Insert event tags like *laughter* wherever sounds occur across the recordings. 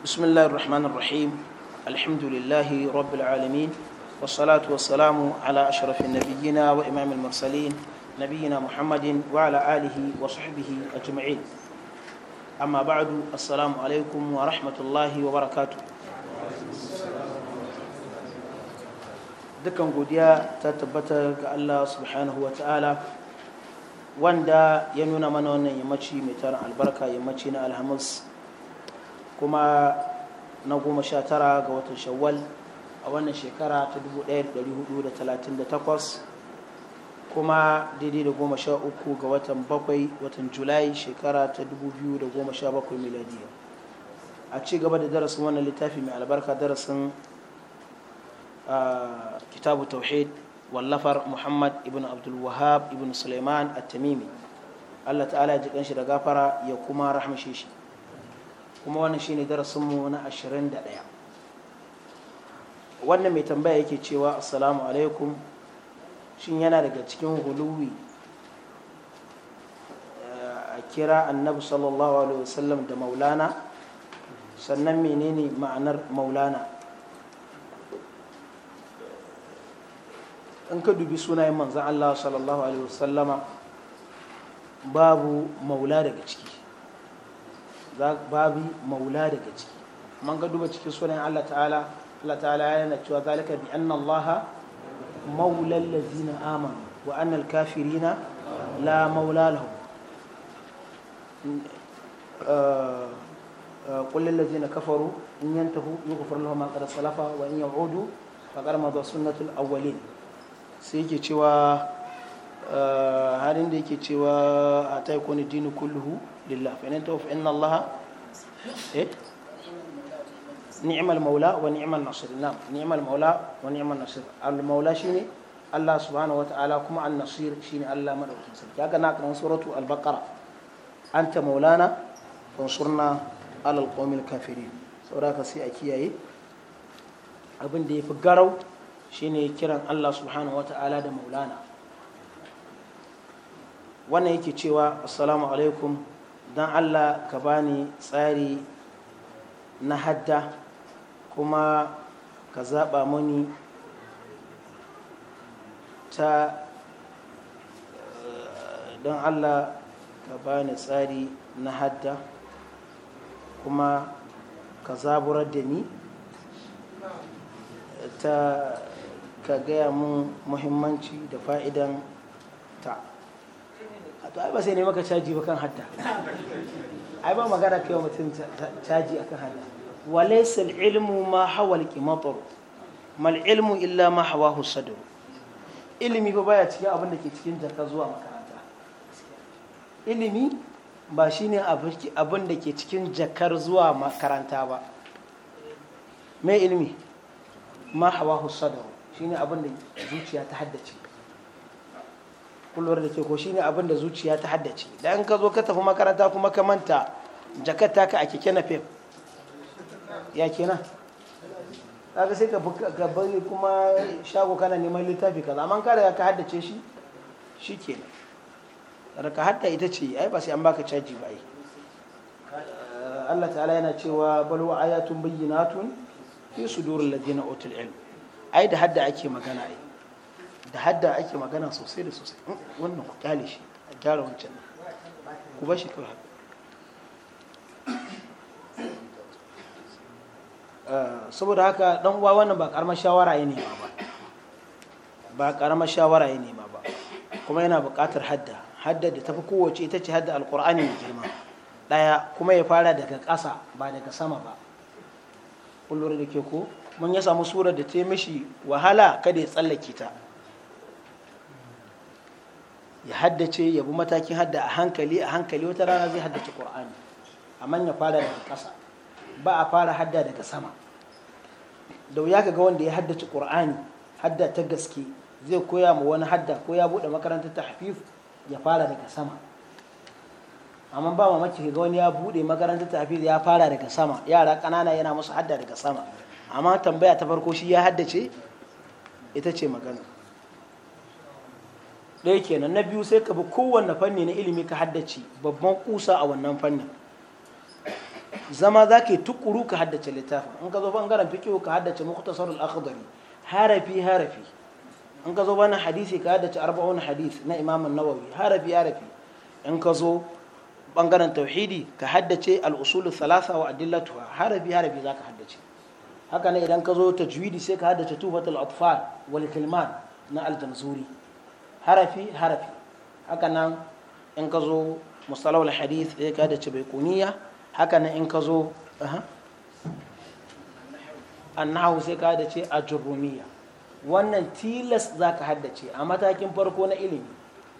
بسم الله الرحمن الرحيم الحمد لله رب العالمين والصلاة والسلام على أشرف النبيين وإمام المرسلين نبينا محمد وعلى آله وصحبه أجمعين أما بعد السلام عليكم ورحمة الله وبركاته دكان godiya ta tabbata ga Allah subhanahu wata'ala wanda ya nuna mana wannan yammaci mai tarin albarka yammaci na alhamis kuma na goma sha tara ga watan shawwal a wannan shekara ta 1438 kuma daidai da goma sha uku ga watan bakwai watan julai shekara ta 2017 miladiya a ci gaba da darasin wannan littafi mai albarka darasin kitabu tauhid wallafar muhammad ibn abdulwahab ibn suleiman at-tamimi allah ta'ala ya ji kanshi da gafara ya kuma rahmashe shi kuma wannan shine darasinmu na 21 wannan mai tambaya yake cewa assalamu alaikum shin yana daga cikin huluwi eh, a kira annabi sallallahu alaihi wasallam da maulana sannan menene ma'anar maulana in ka dubi sunayen manzan allah sallallahu alaihi wasallama babu maula daga ciki babu maula daga ciki man ga duba cikin sunan Allah ta'ala Allah ta'ala yana cewa zalika bi anna Allah maula allazina amanu wa anna al-kafirina la maula lahum قل للذين كفروا إن ينتهوا يغفر لهم ما قد سلف وإن يعودوا فقد مضى سنة الأولين سيجي تشوا هارين ديكي تشوا أتايكون الدين كله لله فإن انتهوا فإن الله إيه؟ نعم المولى ونعم النصير نعم نعم المولى ونعم النصير المولى شيني الله سبحانه وتعالى كما النصير شيني الله مدعوكي سلك هكذا من سورة البقرة أنت مولانا فانصرنا على القوم الكافرين سورة سي أكياي abin da ya fi garau shine kiran Allah subhanahu wa ta'ala da maulana wannan yake cewa assalamu alaikum don allah ka bani tsari na hadda kuma ka zaɓa muni ta eh, don allah ka bani tsari na hadda kuma ka zaburar da ni ta ka gaya mun muhimmanci da fa'idan ta to ai ba sai ne maka caji ba kan hadda ai ba magana kai wa mutum caji akan hadda walaysa ilmu ma hawa al-qimatar mal ilmu illa ma hawahu sadr ilimi ba baya cikin abin da ke cikin jaka zuwa makaranta ilimi ba shine abin da ke cikin jakar zuwa makaranta ba mai ilmi ma hawahu sadr shine abin da zuciya ta haddace kullum da ke ko shine abin da zuciya ta haddace da in ka zo ka tafi makaranta kuma ka manta jakar taka a keke na fem ya kenan kaga sai ka bari kuma shago kana neman littafi kaza amma kada ka haddace shi shi kenan raka hatta ita ce ai ba sai an baka caji ba ai Allah ta'ala yana cewa bal wa ayatun bayyinatun fi sudurul ladina utul ilm ai da hadda ake magana ai da hadda ake magana sosai da sosai mm, wannan ku kyale shi a gyara wancan ku ba shi kawai haka *coughs* eh, saboda haka dan uwa wannan ba karamar shawara ya nema ba ba karamar shawara ya nema ba kuma yana buƙatar hadda hadda da tafi kowace ita ce hadda alkur'ani mai girma ɗaya kuma ya fara daga ƙasa ba daga sama ba kullum da ke ko mun ya samu surar da ta yi mishi wahala kada ya tsallake ta ya haddace ya bi matakin hadda a hankali a hankali wata rana zai haddace qur'ani amma ya fara daga ƙasa ba a fara hadda daga sama da wuya ka ga wanda ya haddace Kur'ani hadda ta gaske zai koya ma wani hadda ko ya buɗe makarantar tahfif ya fara daga sama amma ba mamaki ga wani ya buɗe makarantar tahfif ya fara daga sama yara ƙanana yana masu hadda daga sama amma tambaya ta farko shi ya haddace ita ce magana ɗaya kenan na biyu sai ka bi kowanne fanni na ilimi ka haddace babban kusa a wannan fannin zama za ka yi tukuru ka haddace littafin in ka zo ɓangaren fikiyo ka haddace muktasarul akhdari harafi harafi in ka zo bana hadisi ka haddace arba'un hadis na imam nawawi harafi harafi in ka zo ɓangaren tauhidi ka haddace al-usul thalatha wa adillatuha harafi harafi za ka haddace haka ne idan ka zo tajwidi sai ka haddace tufatul atfal wal kalimat na al-jamzuri harafi harafi haka nan in ka zo musalawul hadith ya ka da cibaikuniya haka nan in ka zo annahu sai ka da ce a jurumiya wannan tilas za ka haddace a matakin farko na ilimi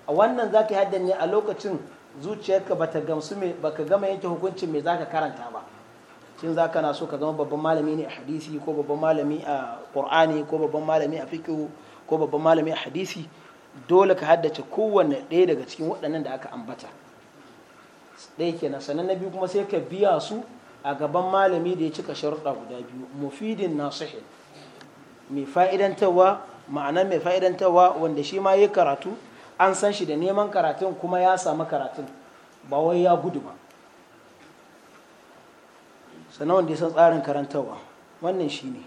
a wannan za ka haddace a lokacin zuciyarka ba ta gamsu ba ka gama yanke hukuncin me za ka karanta ba shin za ka na so ka zama babban malami ne a hadisi ko babban malami a ƙur'ani ko babban malami a fikihu ko babban malami a hadisi dole ka haddace kowanne ɗaya daga cikin waɗannan da aka ambata ɗaya kenan sannan na biyu kuma sai ka biya su a gaban malami da ya cika sharuɗa guda biyu mufidin nasihin mai fa'idantarwa ma'ana mai fa'idantarwa wanda shi ma ya karatu an san shi da neman karatun kuma ya samu karatun ba wai ya gudu ba sannan wanda ya san tsarin karantarwa wannan shi ne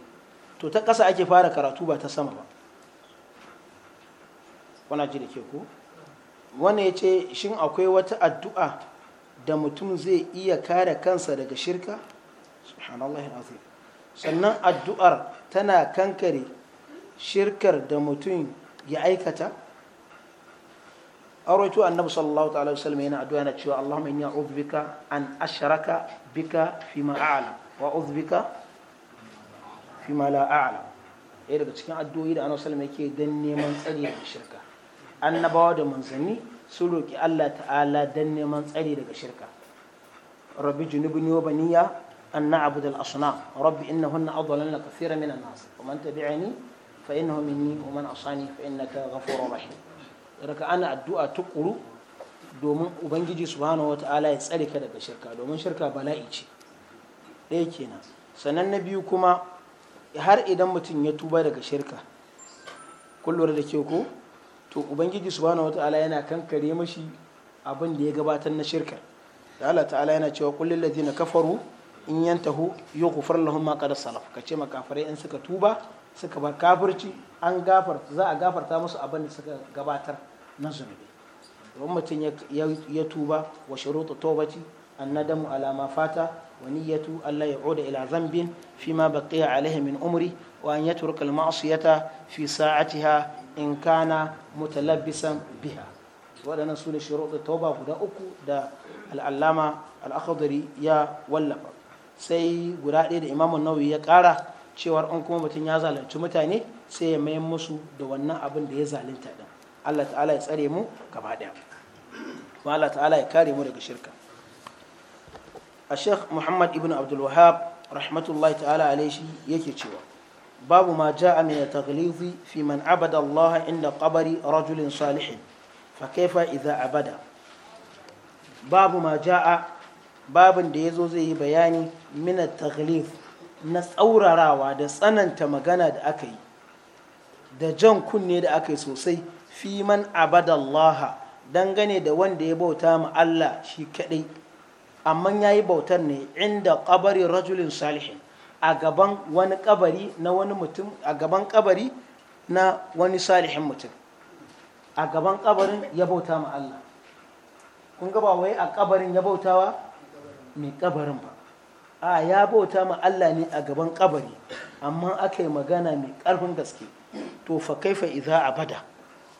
to ta ƙasa ake fara karatu ba ta sama ba kuna ji da ke ko wani ya ce shin akwai wata addu'a da mutum zai iya kare kansa daga shirka subhanallah azim sannan addu'ar tana kankare shirkar da mutum ya aikata roito annabi sallallahu ta'ala wasallam yana addu'a yana cewa Allahumma inni a'udhu bika an ashraka bika fi ma a'lam wa a'udhu bika fi ma la a'lam daga cikin addu'o'i da annabi sallallahu yake dan neman tsari daga shirka annabawa da manzanni sun roƙi Allah ta'ala don neman tsari daga shirka rabbi junubni wa baniya an na'budu al-asnam rabbi innahunna adlalna katsiran min an-nas wa man tabi'ani fa innahu minni wa man asani fa innaka ghafurur rahim raka ana addu'a tukuru domin ubangiji subhanahu wata'ala ya tsare ka daga shirka domin shirka bala'i ce ɗaya kenan sannan na biyu kuma har idan mutum ya tuba daga shirka kullum da ke ko to ubangiji subhanahu wataala yana kankare mashi abin da ya gabatar na shirka da Allah ta'ala yana cewa kullum ladina kafaru in yantahu yughfar lahum ma qad salaf kace makafirai in suka tuba suka bar kafirci an gafarta za a gafarta musu abin da suka gabatar na zunubi don mutum ya tuba wa shurutu tawbati الندم على ما فات ونية ألا يعود إلى ذنب فيما بقي عليه من عمره وأن يترك المعصية in kana إن كان متلبسا بها waɗannan su ne shuruɗin tauba guda uku da al'allama al'akadari ya wallafa sai guda ɗaya da imamun nauyi ya ƙara cewar an kuma mutum ya zalunci mutane sai ya mayan musu da wannan abin da ya zalunta ɗin allah ta'ala ya tsare mu gaba ɗaya kuma allah ta'ala ya kare mu daga shirka a shekh muhammad ibn abdulwahab rahmatullahi ta'ala alai shi yake cewa babu ma ja'a min taghlizi fi abada allaha inda qabari rajulin salihin fa kaifa idza abada babu ma ja'a babin da zo zai yi bayani min taghlif na tsaurarawa da tsananta magana da aka yi da jan kunne da aka yi sosai fi man abadallaha dangane da wanda ya bauta ma Allah shi kaɗai. amma ya yi bautar ne inda kabarin rajulin salihin a gaban wani kabari na wani mutum a gaban kabari na wani salihin mutum a gaban kabarin ya bauta ma Allah kun gaba wai a kabarin ya bautawa mai kabarin ba a ya bauta ma Allah ne a gaban kabari amma aka yi magana mai karfin gaske to fa kaifa idza abada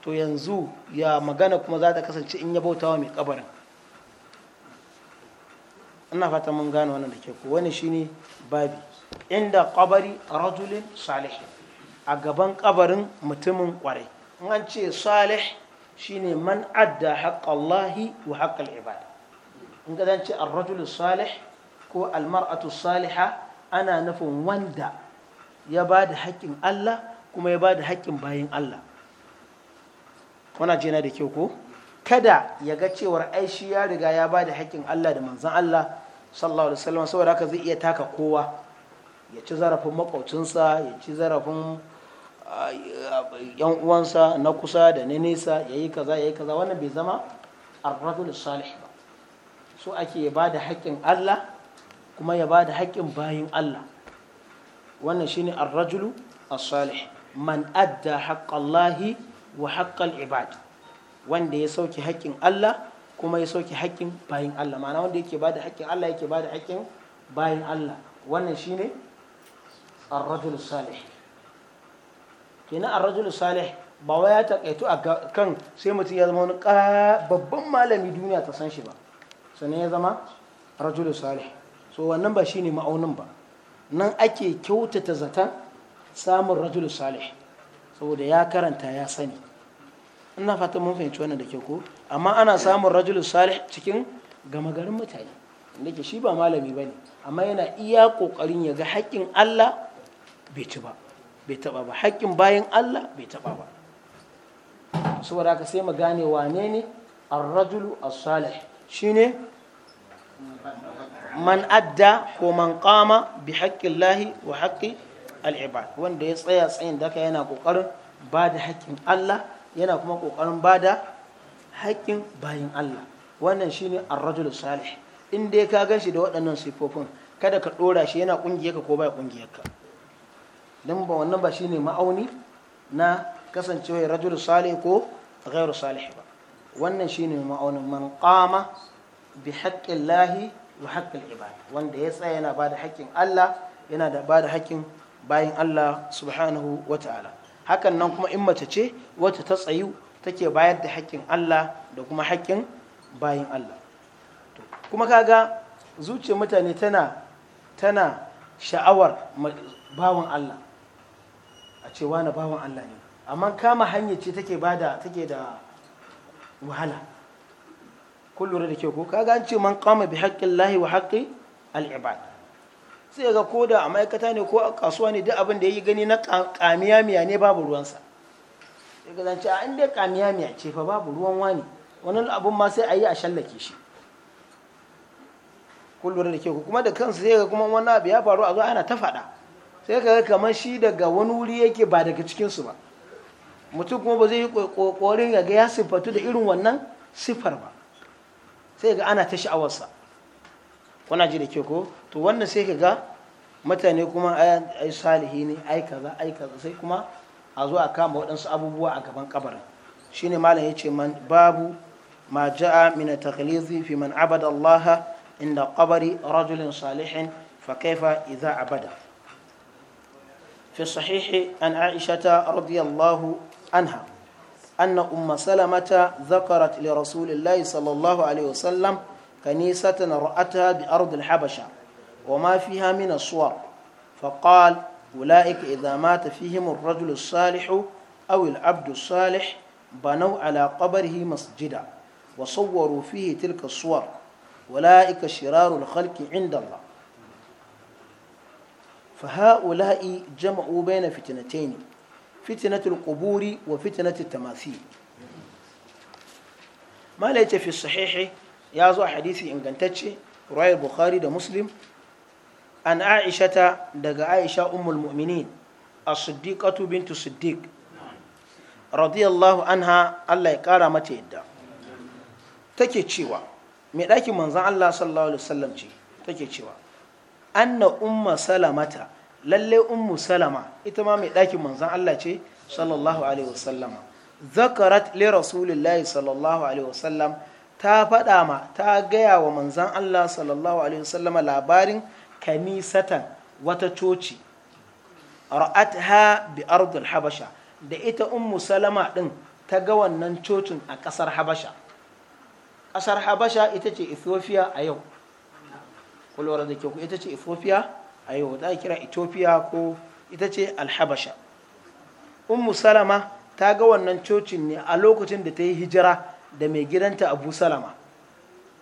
to yanzu ya magana kuma za ta kasance in ya bautawa mai kabarin ina fata mun gane wannan da ke ku wani shine babi inda qabari rajulin salih a gaban kabarin mutumin kwarai in an ce salih shine man adda haqqallahi wa haqqal ibad in ga ce ar-rajul salih ko al-mar'atu salihah ana nufin wanda ya ba da haƙƙin Allah kuma ya ba da haƙƙin bayin Allah wana jina da kyau ko kada ya ga cewar aishi shi ya riga ya ba da haƙƙin Allah da manzan Allah sallallahu alaihi wasallam saboda haka zai iya taka kowa ya ci zarafin makwabcinsa ya ci zarafin ah, yan uwansa na kusa da na nesa ya yi kaza ya yi kaza wannan bai zama arrajul salih ba so ake ya ba da haƙƙin Allah kuma ya ba da haƙƙin bayin Allah wannan shine arrajulu as-salih man adda haqqallahi wa haqqal ibad wanda ya sauke haƙƙin Allah kuma ya sauke haƙƙin bayin Allah ma'ana wanda yake bada haƙƙin Allah yake bada haƙƙin bayin Allah wannan shine ar-rajul salih kenan ar-rajul salih ba wai ya takaitu a kan sai mutum ya zama wani babban malami duniya ta san shi ba sannan ya zama rajul salih so wannan ba shine ma'aunin ba nan ake kyautata zaton samun rajul salih saboda ya karanta ya sani ina fatan mun fahimci wannan da ke ko amma ana samun rajulu salih cikin gama garin mutane inda ke shi ba malami ba ne amma yana iya kokarin ya ga haƙƙin Allah bai ci ba bai taɓa ba haƙƙin bayan Allah bai taɓa ba saboda haka sai mu gane wane ne ar-rajulu as-salih shine man adda ko man qama bi haƙƙin lahi wa haƙƙi al-ibad wanda ya tsaya tsayin da daka yana kokarin ba da haƙƙin Allah yana kuma ba bada haƙƙin bayan Allah wannan shine ar-rajul salih in dai ka gan shi da waɗannan sifofin kada ka ɗora shi yana ƙungiyarka ko ba ƙungiyarka don ba wannan ba shine ma'auni na kasancewa rajul salih ko ghairu salih ba wannan shine ma'aunin man qama bi haƙƙin lahi wa haƙƙin ibad wanda ya tsaya yana bada haƙƙin Allah yana da bada haƙƙin bayan Allah subhanahu wa ta'ala hakan nan kuma in mace ce wacce ta tsayu take bayar da haƙƙin Allah da kuma haƙƙin bayin Allah kuma kaga zuciyar mutane tana tana sha'awar bawan Allah a ce wani bawan Allah ne amma kama hanyar ce take bada take da wahala kun da kyau ko kaga an ce man kama bi haƙƙin Allah wa al al'ibad sai ga ko da a ma'aikata ne ko a kasuwa ne duk abin da ya yi gani na kamiya ne babu ruwansa sai ga zance a inda kamiya ce fa babu ruwan wani wannan abun ma sai a yi a shallake shi kullum da ke kuma da kansu sai ga kuma wani abu ya faru a zo ana ta faɗa sai ka kamar shi daga wani wuri yake ba daga cikinsu ba mutum kuma ba zai yi ya ga ya siffatu da irin wannan siffar ba sai ga ana ta sha'awarsa kuna ji da ke ko to wannan sai ka ga mutane kuma ai salihi ne ai kaza ai kaza sai kuma a zo a kama waɗansu abubuwa a gaban kabarin shine malam yace man babu ma ja'a min taqlizi fi man abada Allah inda qabri rajulin salihin fa kaifa idza abada fi sahih an Aisha radiyallahu anha anna umma Salamata dhakarat li rasulillahi sallallahu alaihi wasallam كنيسة رأتها بأرض الحبشة وما فيها من الصور فقال أولئك إذا مات فيهم الرجل الصالح أو العبد الصالح بنوا على قبره مسجدا وصوروا فيه تلك الصور أولئك شرار الخلق عند الله فهؤلاء جمعوا بين فتنتين فتنة القبور وفتنة التماثيل ما ليت في الصحيح ya zo a hadisi ingantacce ruwayar bukhari da muslim an aishata daga aisha ummul mu'minin a siddiqatu bintu siddiq radiyallahu anha Allah ya kara mata yadda take cewa mai ɗakin manzan Allah sallallahu alaihi wasallam ce take cewa anna umma salamata lalle ummu salama ita ma mai ɗakin manzan Allah ce sallallahu alaihi wasallama zakarat li rasulillahi sallallahu alaihi wasallam ta faɗa ma ta gaya wa manzan Allah sallallahu alaihi wasallama labarin kanisatan wata coci ra'atha bi ardul habasha da ita ummu salama ɗin ta ga wannan cocin a ƙasar habasha ƙasar habasha ita ce ethiopia a yau kulwara da ke ku ita ce ethiopia a yau ta kira ethiopia ko ita ce alhabasha ummu salama ta ga wannan cocin ne a lokacin da ta yi hijira da mai gidanta abu salama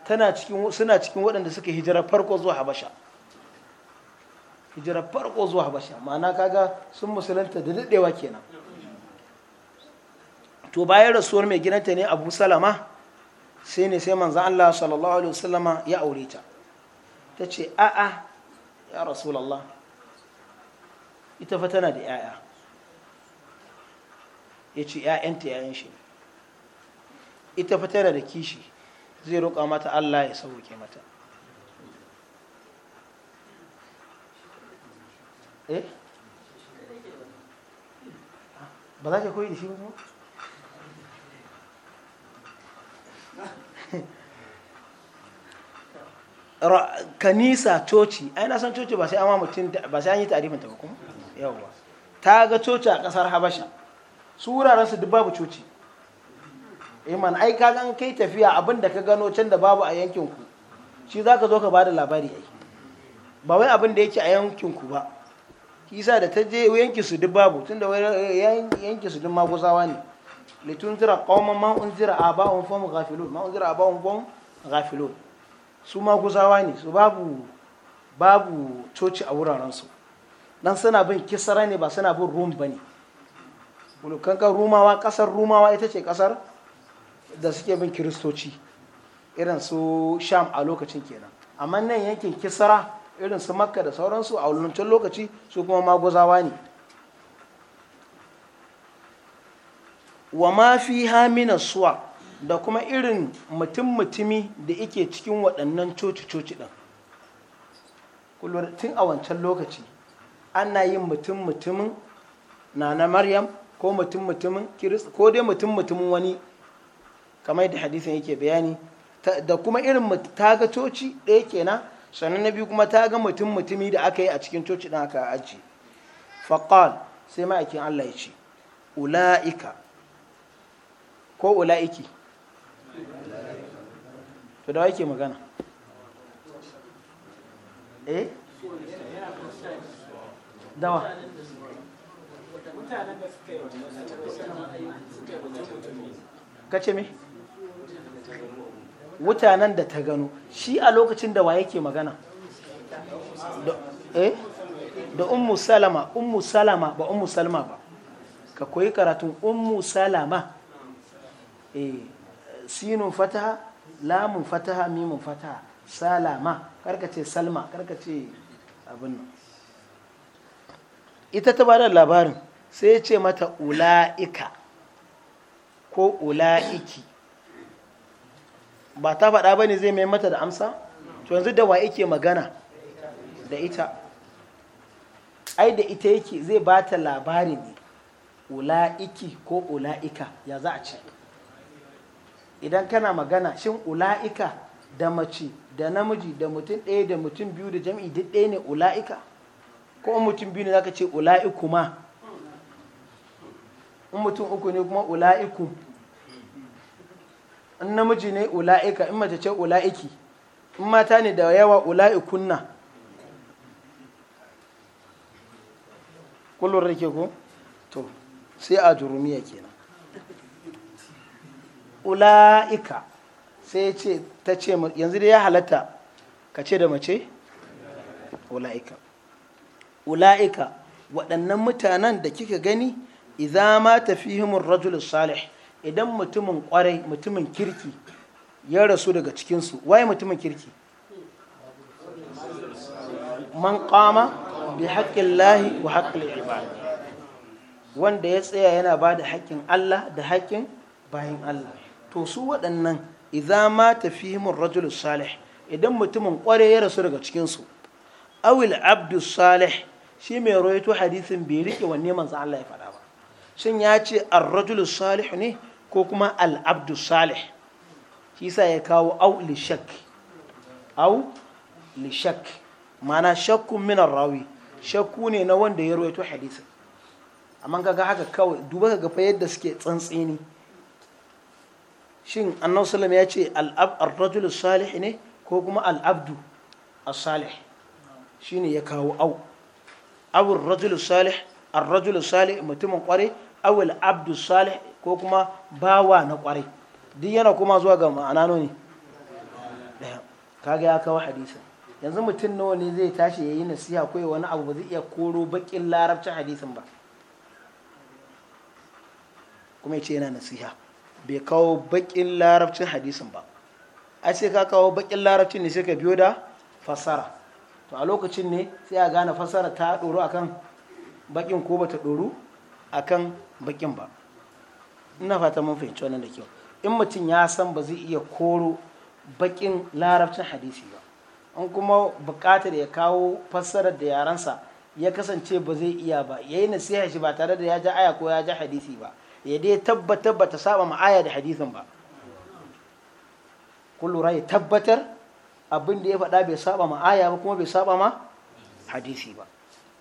suna cikin waɗanda suka hijira farko zuwa habasha hijira farko zuwa habasha ma'ana kaga sun musulunta da daɗewa kenan to bayan rasuwar mai gidanta ne abu salama sai ne sai manzan allah sallallahu alaihi wasallama ya aure ta ta ce a'a ya rasulallah ita fa tana da 'ya'ya ya ce 'ya'yanta 'ya'yan shi ne ita fitar da kishi zai roƙa mata Allah ya sauke mata eh ba za ka koyi da shi ba kuma kanisa coci ai na san coci ba sai amma mutum ba sai an yi tarifin ta ba kuma yawa ta ga coci a kasar habasha su wuraren su duk babu coci iman eh, ai ka gan kai tafiya abin da ka gano can da babu a yankin ku shi za ka zo ka bada labari ai ba wai abin da yake a yankin ku ba kisa da ta je yankin su duk babu tunda wai eh, yankin su duk maguzawa ne tunzira qauman ma unzira aba'un fahum ghafilun ma unzira aba'un fahum ghafilun su maguzawa ne su babu babu coci a wuraren su dan suna bin kisara ne ba suna bin rum bane kankan rumawa kasar rumawa ita ce kasar da suke bin kiristoci irin su sham a lokacin kenan amma nan yankin kisara irin su makka da sauransu a wulancin lokaci su kuma maguzawa ne wa ma fi hamina suwa da kuma irin mutum-mutumi da ike cikin waɗannan coci-coci ɗin kullum tun a wancan lokaci ana yin mutum-mutumin na na maryam ko mutum-mutumin ko dai mutum-mutumin wani kamar yadda hadisin yake bayani da kuma irin ta ga coci ɗaya kenan sannan na biyu kuma ta ga mutum mutumi da aka yi a cikin coci ɗin aka aji faƙal sai ma'aikin allah ya ce ula'ika ko ula'iki to da wake magana eh dawa ka ce me? mutanen da ta gano shi a lokacin da wa yake magana da eh? ummu salama ummu salama ba ummu salama ba ka koyi karatun ummu salama eh sinun fataha lamun fataha mimun fataha salama karka ce salma karka ce abin nan ita ta bada labarin sai ya ce mata ula'ika ko ula'iki ba ta faɗa ba ne zai mai mata da amsa to yanzu da wa yake magana da ita ai da ita yake zai ba ta labari ne ula'iki ko ula'ika ya za a ce idan kana magana shin ula'ika da mace da namiji da mutum ɗaya da mutum biyu da jam'i duk ɗaya ne ula'ika ko mutum biyu ne za ka ce ma in mutum uku ne kuma ula'iku in namiji ne ula'ika in mace ce ula'iki in mata ne da yawa ula'ikunna kullum rike ko to sai a jurumiya kenan ula'ika sai ce ta ce yanzu da ya halatta ka ce da mace ula'ika ula'ika waɗannan mutanen da kika gani idan ma tafihimun rajulus salih idan mutumin kwarai mutumin kirki ya rasu daga cikinsu waye mutumin kirki man kama bi haƙƙin lahi wa haƙƙin wanda ya tsaya yana ba da haƙƙin Allah da haƙƙin bayan Allah to su waɗannan idan ma tafihimun rajul salih idan mutumin kware ya rasu daga cikinsu awil abdus salih shi mai rawaito hadisin bai rike wanne manzo Allah ya faɗa ba shin ya ce ar-rajul salih ne ko kuma al'abdu salih shi sa ya kawo au lishak au shak mana shakkun minar rawi shakku ne na wanda ya rawaito hadisin amma kaga haka kawai duba ka fa yadda suke tsantsini shin annabi sallam ya ce al-rajul salih ne ko kuma Al'abdu abdu as-salih shine ya kawo au abu rajul salih ar-rajul salih mutumin kware aw abdu salih ko kuma bawa na kwarai duk yana kuma zuwa ga ma'ana ne kaga ya kawo hadisa yanzu mutum nawa ne zai tashi yayi nasiha ko wani abu ba zai iya koro bakin larabcin hadisin ba kuma ya ce yana nasiha bai kawo bakin larabcin hadisin ba a sai ka kawo bakin larabcin ne sai ka biyo da fassara to a lokacin ne sai a gane fasara ta doro akan bakin ko bata ɗoro akan bakin ba ina fata mun fahimci wannan da kyau in mutum ya san ba zai iya koro bakin larabcin hadisi ba in kuma bukatar ya kawo fassarar da yarensa ya kasance ba zai iya ba ya yi nasiha shi ba tare da ya ja aya ko ya ja hadisi ba ya dai tabbatar ba ta saba ma aya da hadisin ba kullura ya tabbatar abin da ya faɗa bai saba ma aya ba kuma bai saba ma hadisi ba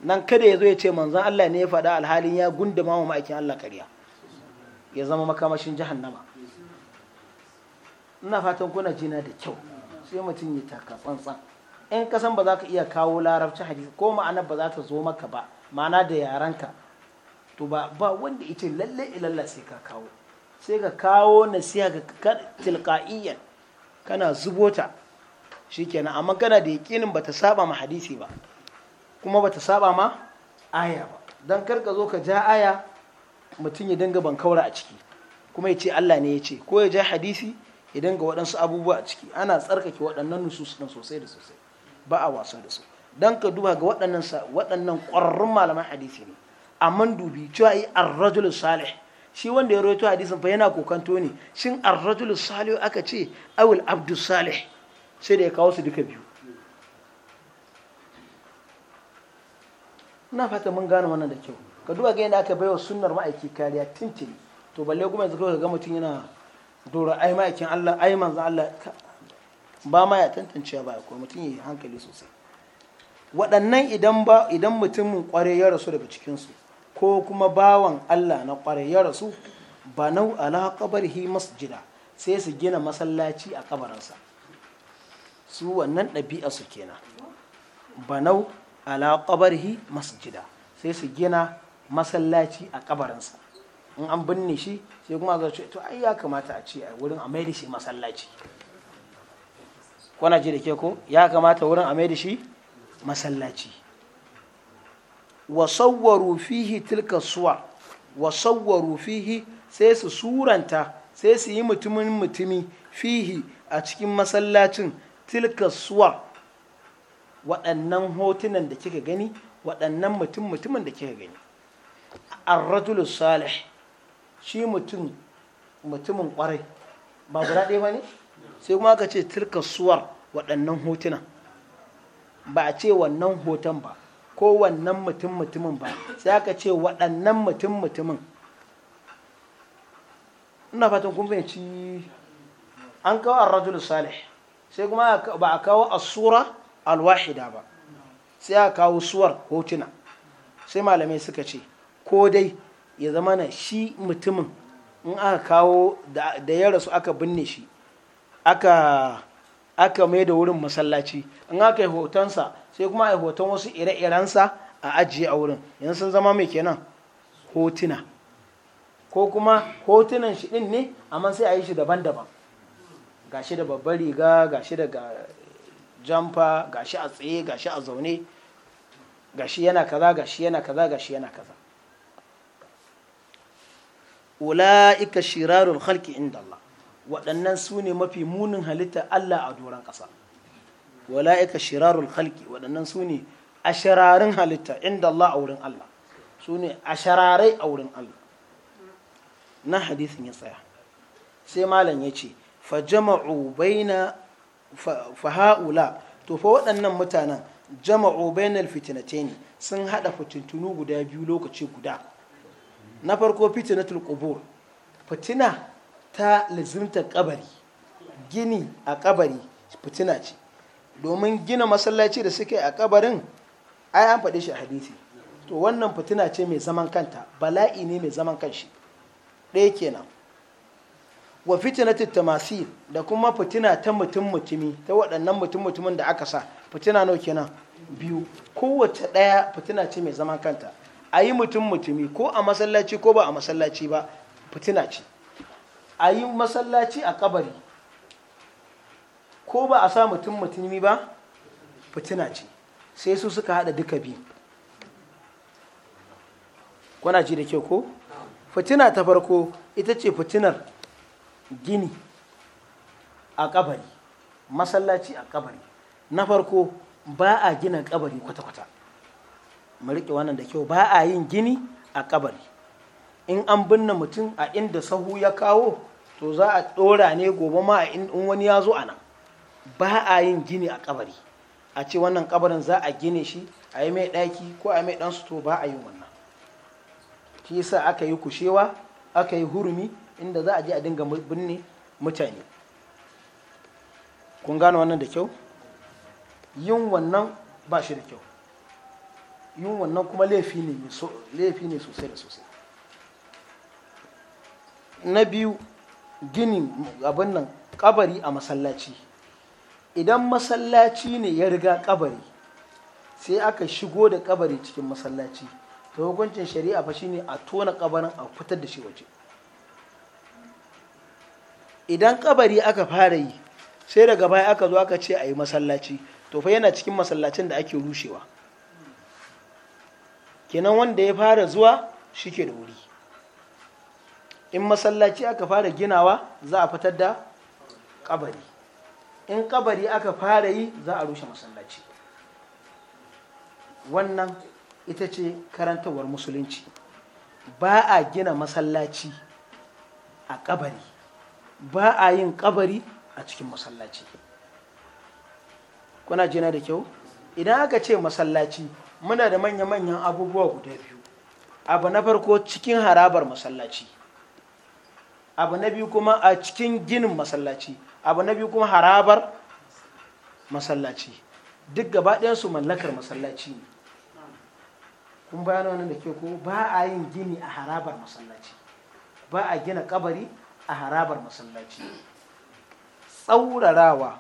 nan kada ya zo ya ce manzon Allah ne ya faɗa alhalin ya gundama wa ma'aikin Allah ƙarya ya zama makamashin jahannama ina fatan kuna jina da kyau sai mutum ya taka tsantsan in kasan ba za ka iya kawo larabci hadisi ko ma'ana ba za ta zo maka ba ma'ana da yaranka to ba ba wanda ita lalle ilalla sai ka kawo sai ka kawo nasiha ga tilqa'iyyan kana zubota shikenan amma kana da yakinin ba ta saba ma hadisi ba kuma ba ta saba ma aya ba dan kar ka zo ka ja aya mutum ya dinga bankaura a ciki kuma ya ce Allah ne ya ce ko ya ja hadisi ya dinga waɗansu abubuwa a ciki ana tsarkake waɗannan nusus ɗin sosai da sosai ba a wasa da su dan ka duba ga waɗannan waɗannan ƙwararrun malaman hadisi ne amma dubi cewa yi ar-rajul salih shi wanda ya rawaito hadisin fa yana kokanto ne shin ar-rajul salih aka ce awul abdu salih sai da ya kawo su duka biyu na fata mun gane wannan da kyau ka duba ga yadda aka baiwa sunnar ma'aiki kariya tintini to balle kuma yanzu kawai ga mutum yana dora ai ma'aikin Allah ai manzon Allah ba ma ya tantance ba ko mutum yi hankali sosai waɗannan idan ba idan mutumin kware ya rasu daga cikin su ko kuma bawan Allah na kware ya rasu ba nau ala qabrihi masjida sai su gina masallaci a kabarinsa su wannan ɗabi'a su kenan banau ala qabrihi masjida sai su gina masallaci a kabarinsa in an binne shi sai kuma zo ce to ai ya kamata a ce a wurin a mai da shi masallaci kwana ji da ke ko ya kamata wurin a mai da shi masallaci wa sawwaru fihi tilka suwa wa sawwaru fihi sai su suranta sai su yi mutumin mutumi fihi a cikin masallacin tilka suwa waɗannan hotunan da kika gani waɗannan mutum mutumin da kika gani ar salih shi mutum mutumin kwarai ba guda ɗaya ba ne sai kuma aka ce turka suwar waɗannan hotuna ba a ce wannan hoton ba ko wannan mutum mutumin ba sai aka ce waɗannan mutum mutumin ina fatan kun fahimci an kawo ar salih sai kuma ba a kawo asura alwahida ba sai aka kawo suwar hotuna sai malamai suka ce ko dai ya zama na shi mutumin in aka kawo da ya rasu aka binne shi aka aka mai da wurin masallaci in aka yi hotonsa sai kuma a yi hoton wasu ire-irensa a ajiye a wurin yanzu sun zama mai kenan hotuna ko kuma hotunan shi din ne amma sai a yi shi daban-daban gashi da babbar riga gashi da jamfa gashi a tsaye gashi a zaune gashi yana kaza gashi yana kaza gashi yana kaza ula'ika shirarul khalki inda Allah waɗannan su ne mafi munin halitta Allah a doron ƙasa ula'ika shirarul khalki waɗannan su ne shirarun halitta inda Allah a wurin Allah su ne shirarai a wurin Allah na hadisin ya tsaya sai malam ya ce fa jama'u baina fa ha'ula to fa waɗannan mutanen jama'u bainal fitinatain sun hada fitintunu guda biyu lokaci guda na farko fitinatul qubur fitina ta lazimtar kabari gini a kabari fitina ce domin gina masallaci da suke a kabarin ai an faɗi shi a hadisi to wannan fitina ce mai zaman kanta bala'i ne mai zaman kanshi ɗaya kenan wa fitinatul tamasir da kuma fitina ta mutum mutumi ta waɗannan mutum mutumin da aka sa fitina nau kenan biyu kowace ɗaya fitina ce mai zaman kanta a yi mutum mutumi ko a masallaci ko ba a masallaci ba fitina ce a yi masallaci a kabari ko ba a sa mutum mutumi ba fitina ce sai su suka hada duka biyu kuna ji da kyau ko fitina ta farko ita ce fitinar gini a kabari masallaci a kabari na farko ba a gina kabari kwata-kwata mu riƙe wannan da kyau ba a yin gini a kabari in an binne mutum a inda sahu ya kawo to za a ɗora ne gobe ma in wani ya zo a nan ba a yin gini a kabari a ce wannan kabarin za a gine shi a yi mai ɗaki ko a yi mai ɗan to ba a yin wannan shi yasa aka yi kushewa aka yi hurumi inda za a je a dinga binne mutane kun gane wannan da kyau yin wannan ba shi da kyau yin wannan kuma laifi ne sosai da sosai na biyu gini abin nan kabari a masallaci idan masallaci ne ya riga kabari sai aka shigo da kabari cikin masallaci ta hukuncin shari'a fashi shine a tona kabarin a fitar da shi waje idan kabari aka fara yi sai daga baya aka zo aka ce a yi masallaci to fa yana cikin masallacin da ake rushewa kenan wanda ya fara zuwa shi ke da wuri in masallaci aka fara ginawa za a fitar da kabari in kabari aka fara yi za a rushe masallaci wannan ita ce karantawar musulunci ba a gina masallaci a kabari ba a yin kabari a cikin masallaci kuna jina da kyau idan aka ce masallaci muna da manya-manyan abubuwa guda biyu abu na farko cikin harabar masallaci abu na biyu kuma a cikin ginin masallaci abu na biyu kuma harabar masallaci duk gaba su mallakar masallaci ne kun bayan wannan da ke ko ba a yin gini a harabar masallaci ba a gina kabari a harabar masallaci tsaurarawa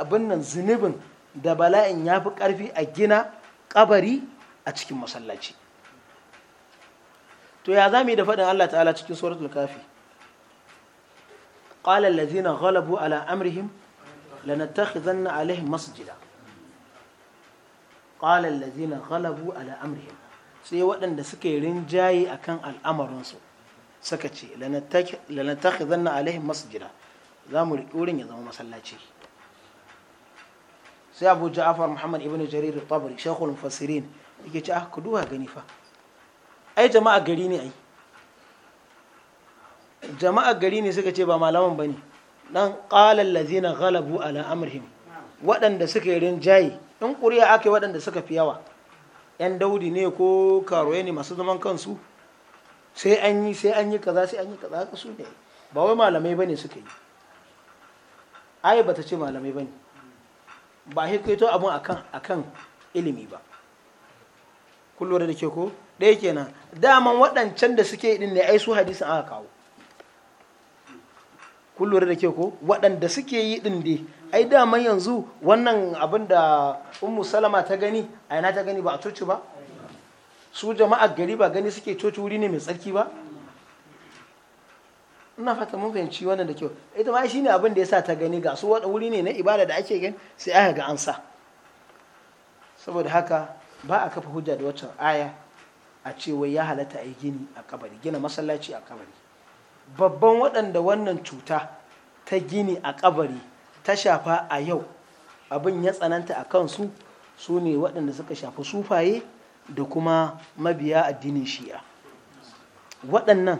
abin nan zunubin da bala'in ya fi karfi a gina kabari a cikin masallaci to ya zamu yi da faɗin Allah ta'ala cikin suratul kafi qala allazina ghalabu ala amrihim lanattakhizanna alaihim masjida qala allazina ghalabu ala amrihim sai waɗanda suka yi rinjaye akan al'amarin su suka ce lanattakhizanna alaihim masjida za mu riƙi wurin ya zama masallaci sai abu ja'afar muhammad ibn jarir tabari shekul mufassirin yake ce ah ku duba gani fa ai jama'a gari ne ai jama'a gari ne suka ce ba malaman bane dan qala allazina ghalabu ala amrihim waɗanda suka yi rinjaye in kuriya ake waɗanda suka fi yawa yan daudi ne ko karoye ne masu zaman kansu sai an yi sai an yi kaza sai an yi kaza haka su ne ba wai malamai bane suka yi ai bata ce malamai bane ba hikaito abun akan akan ilimi ba kun da ke ko ɗaya kenan daman waɗancan da suke din ne ai su hadisin aka kawo kun da ke ko waɗanda suke yi din dai ai daman yanzu wannan abin da ummu salama ta gani a yana ta gani ba a coci ba su jama'a gari ba gani suke coci wuri ne mai tsarki ba ina fata mun fahimci wannan da kyau ita ma shine abin da yasa ta gani ga su wani wuri ne na ibada da ake gani sai aka ga ansa saboda haka ba a kafa hujja da waccan aya a ce wai ya halatta a yi gini a kabari gina masallaci a kabari babban waɗanda wannan cuta ta gini a kabari ta shafa a yau abin ya tsananta a kansu su ne waɗanda suka shafi sufaye da kuma mabiya addinin shi'a waɗannan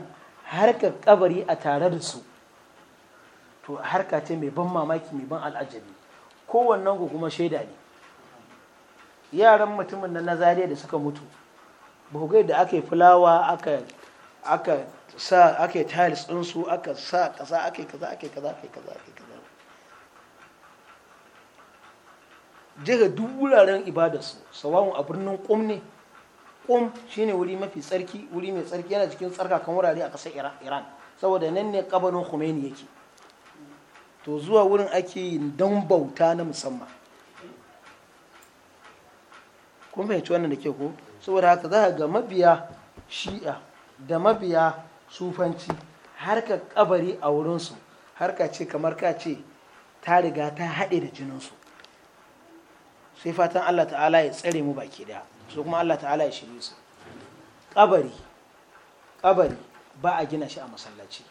harkar kabari a tare da su to harka ce mai ban mamaki mai ban al'ajabi kowannen ku kuma shaida ne yaran mutumin na nazariya da suka mutu bugai da aka yi fulawa aka sa aka yi tiles ɗinsu aka sa ƙasa aka yi kaza aka yi kaza aka yi kaza aka yi kaza jiga duk wuraren ibadarsu sawawun a birnin ƙumne ne ƙum shine wuri mafi tsarki wuri mai tsarki yana cikin tsarkakan wurare a ƙasar iran saboda nan ne ƙabarin khomeini yake to zuwa wurin ake yin don bauta na musamman kun fahimci wannan da ke ko saboda haka za ga mabiya shi'a da mabiya sufanci harka kabari a wurinsu harka ce kamar ka ce ta riga ta haɗe da jininsu sai fatan allah ta'ala ya tsare mu baki daya su kuma Allah ta'ala ya shirye su kabari kabari ba a gina shi a masallaci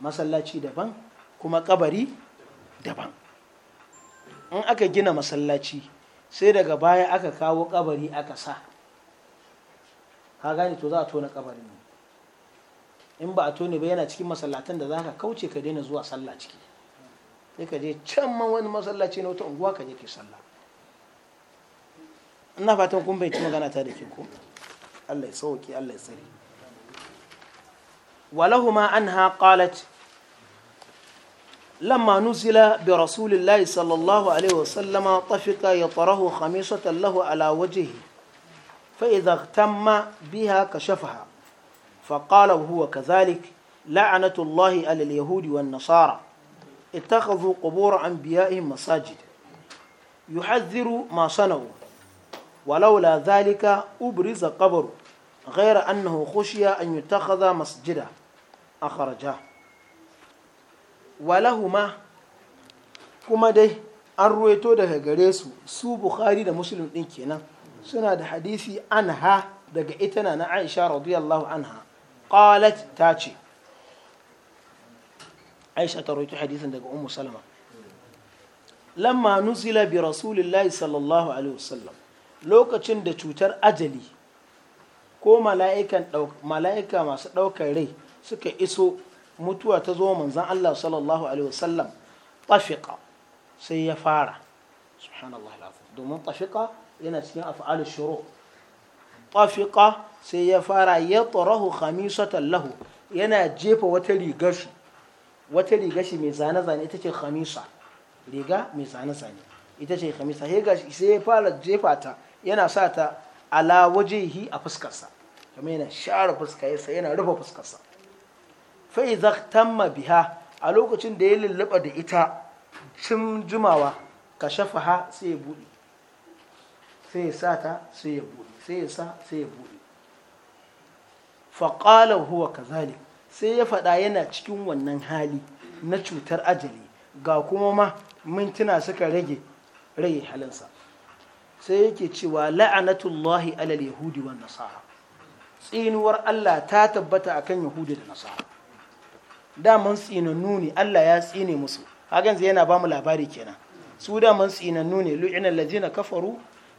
masallaci daban kuma kabari daban in aka gina masallaci sai daga baya aka kawo kabari aka sa ka gane to za a tona kabarin in ba a tone ba yana cikin masallatan da za ka kauce ka daina zuwa sallah ciki sai ka je can ma wani masallaci na wata unguwa ka je ka sallah ina fatan kun bai ci magana ta da ke ko Allah ya sauki Allah ya tsare walahuma anha qalat لما نزل برسول الله صلى الله عليه وسلم طفق يطره خميصة له على وجهه فإذا اغتم بها كشفها فقال وهو كذلك لعنة الله على اليهود والنصارى اتخذوا قبور أنبيائهم مساجد يحذر ما صنعوا walaula zalika ubriza qabru ghayra annahu khushiya an yutakhadha masjida akhraja walahuma kuma dai an ruwaito daga gare su su bukhari da muslim din kenan suna da hadisi anha daga ita na na aisha radiyallahu anha qalat ta ce aisha ta rawaito hadisin daga ummu salama lamma nuzila bi rasulillahi sallallahu alaihi wasallam lokacin da cutar ajali ko mala'ika masu ɗaukar rai suka iso mutuwa ta zo manzan Allah sallallahu alaihi wasallam tafiqa sai ya fara subhanallah domin tafiqa yana cikin af'alul shuru tafiqa sai ya fara ya tsorahu khamisatan lahu yana jefa wata rigar shi wata rigar shi mai zane zane ita ce khamisa riga mai zane zane ita ce khamisa he gashi sai ya fara jefa ta yana sa ta ala wajehi a fuskarsa kuma yana share fuska yasa yana rufe fuskarsa fa idza tamma biha a lokacin da ya lulluɓa da ita cin jimawa ka shafa sai ya buɗe sai ya sa ta sai ya buɗe sai ya sa sai ya buɗe faƙala huwa kazalik sai ya faɗa yana cikin wannan hali na cutar ajali ga kuma ma mintuna suka rage rai halinsa sai yake cewa la'anatullahi alal yahudi wa nasara tsinuwar Allah ta tabbata akan yahudi da nasara daman tsinannu ne Allah ya tsine musu hagan zai yana ba mu labari kenan su daman tsinannu ne lu'ina allazina kafaru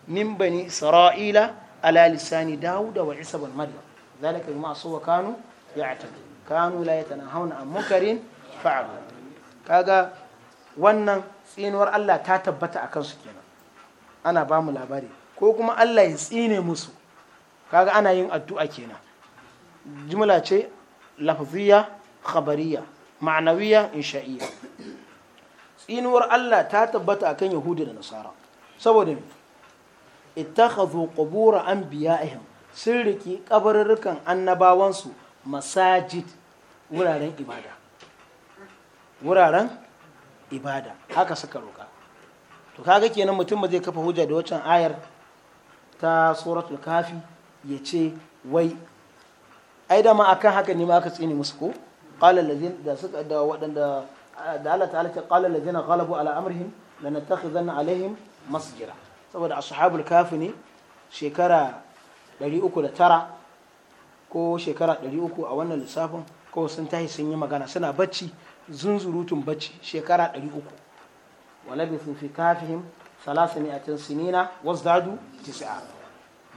min bani isra'ila ala lisani dawuda wa isa bin maryam zalika bima asaw kanu ya'tadu kanu la yatanahawna an mukarin fa'alu kaga wannan tsinuwar Allah ta tabbata a kansu kenan ana ba mu labari ko kuma Allah ya tsine musu kaga ana yin addu'a kenan jumla ce lafziya khabariya ma'anawiya insha'iyya tsinuwar Allah ta tabbata akan Yahudu da Nasara saboda me ittakhadhu biya anbiya'ihim sun riki kabarurrukan annabawansu masajid wuraren ibada wuraren ibada haka suka roƙa to kaga kenan mutum ba zai kafa hujja da waccan ayar ta suratul kafi ya ce wai ai da ma akan haka ne ma aka tsini musu ko qala allazin da suka da waɗanda da Allah ta'ala ce qala allazina ghalabu ala amrihim lanattakhizanna alaihim masjira saboda ashabul kafi ne shekara 309 ko shekara 300 a wannan lissafin ko sun tashi sun yi magana suna bacci zunzurutun bacci shekara 300 walabithu fi kafihim salasami'atin sinina wasdadu tis'a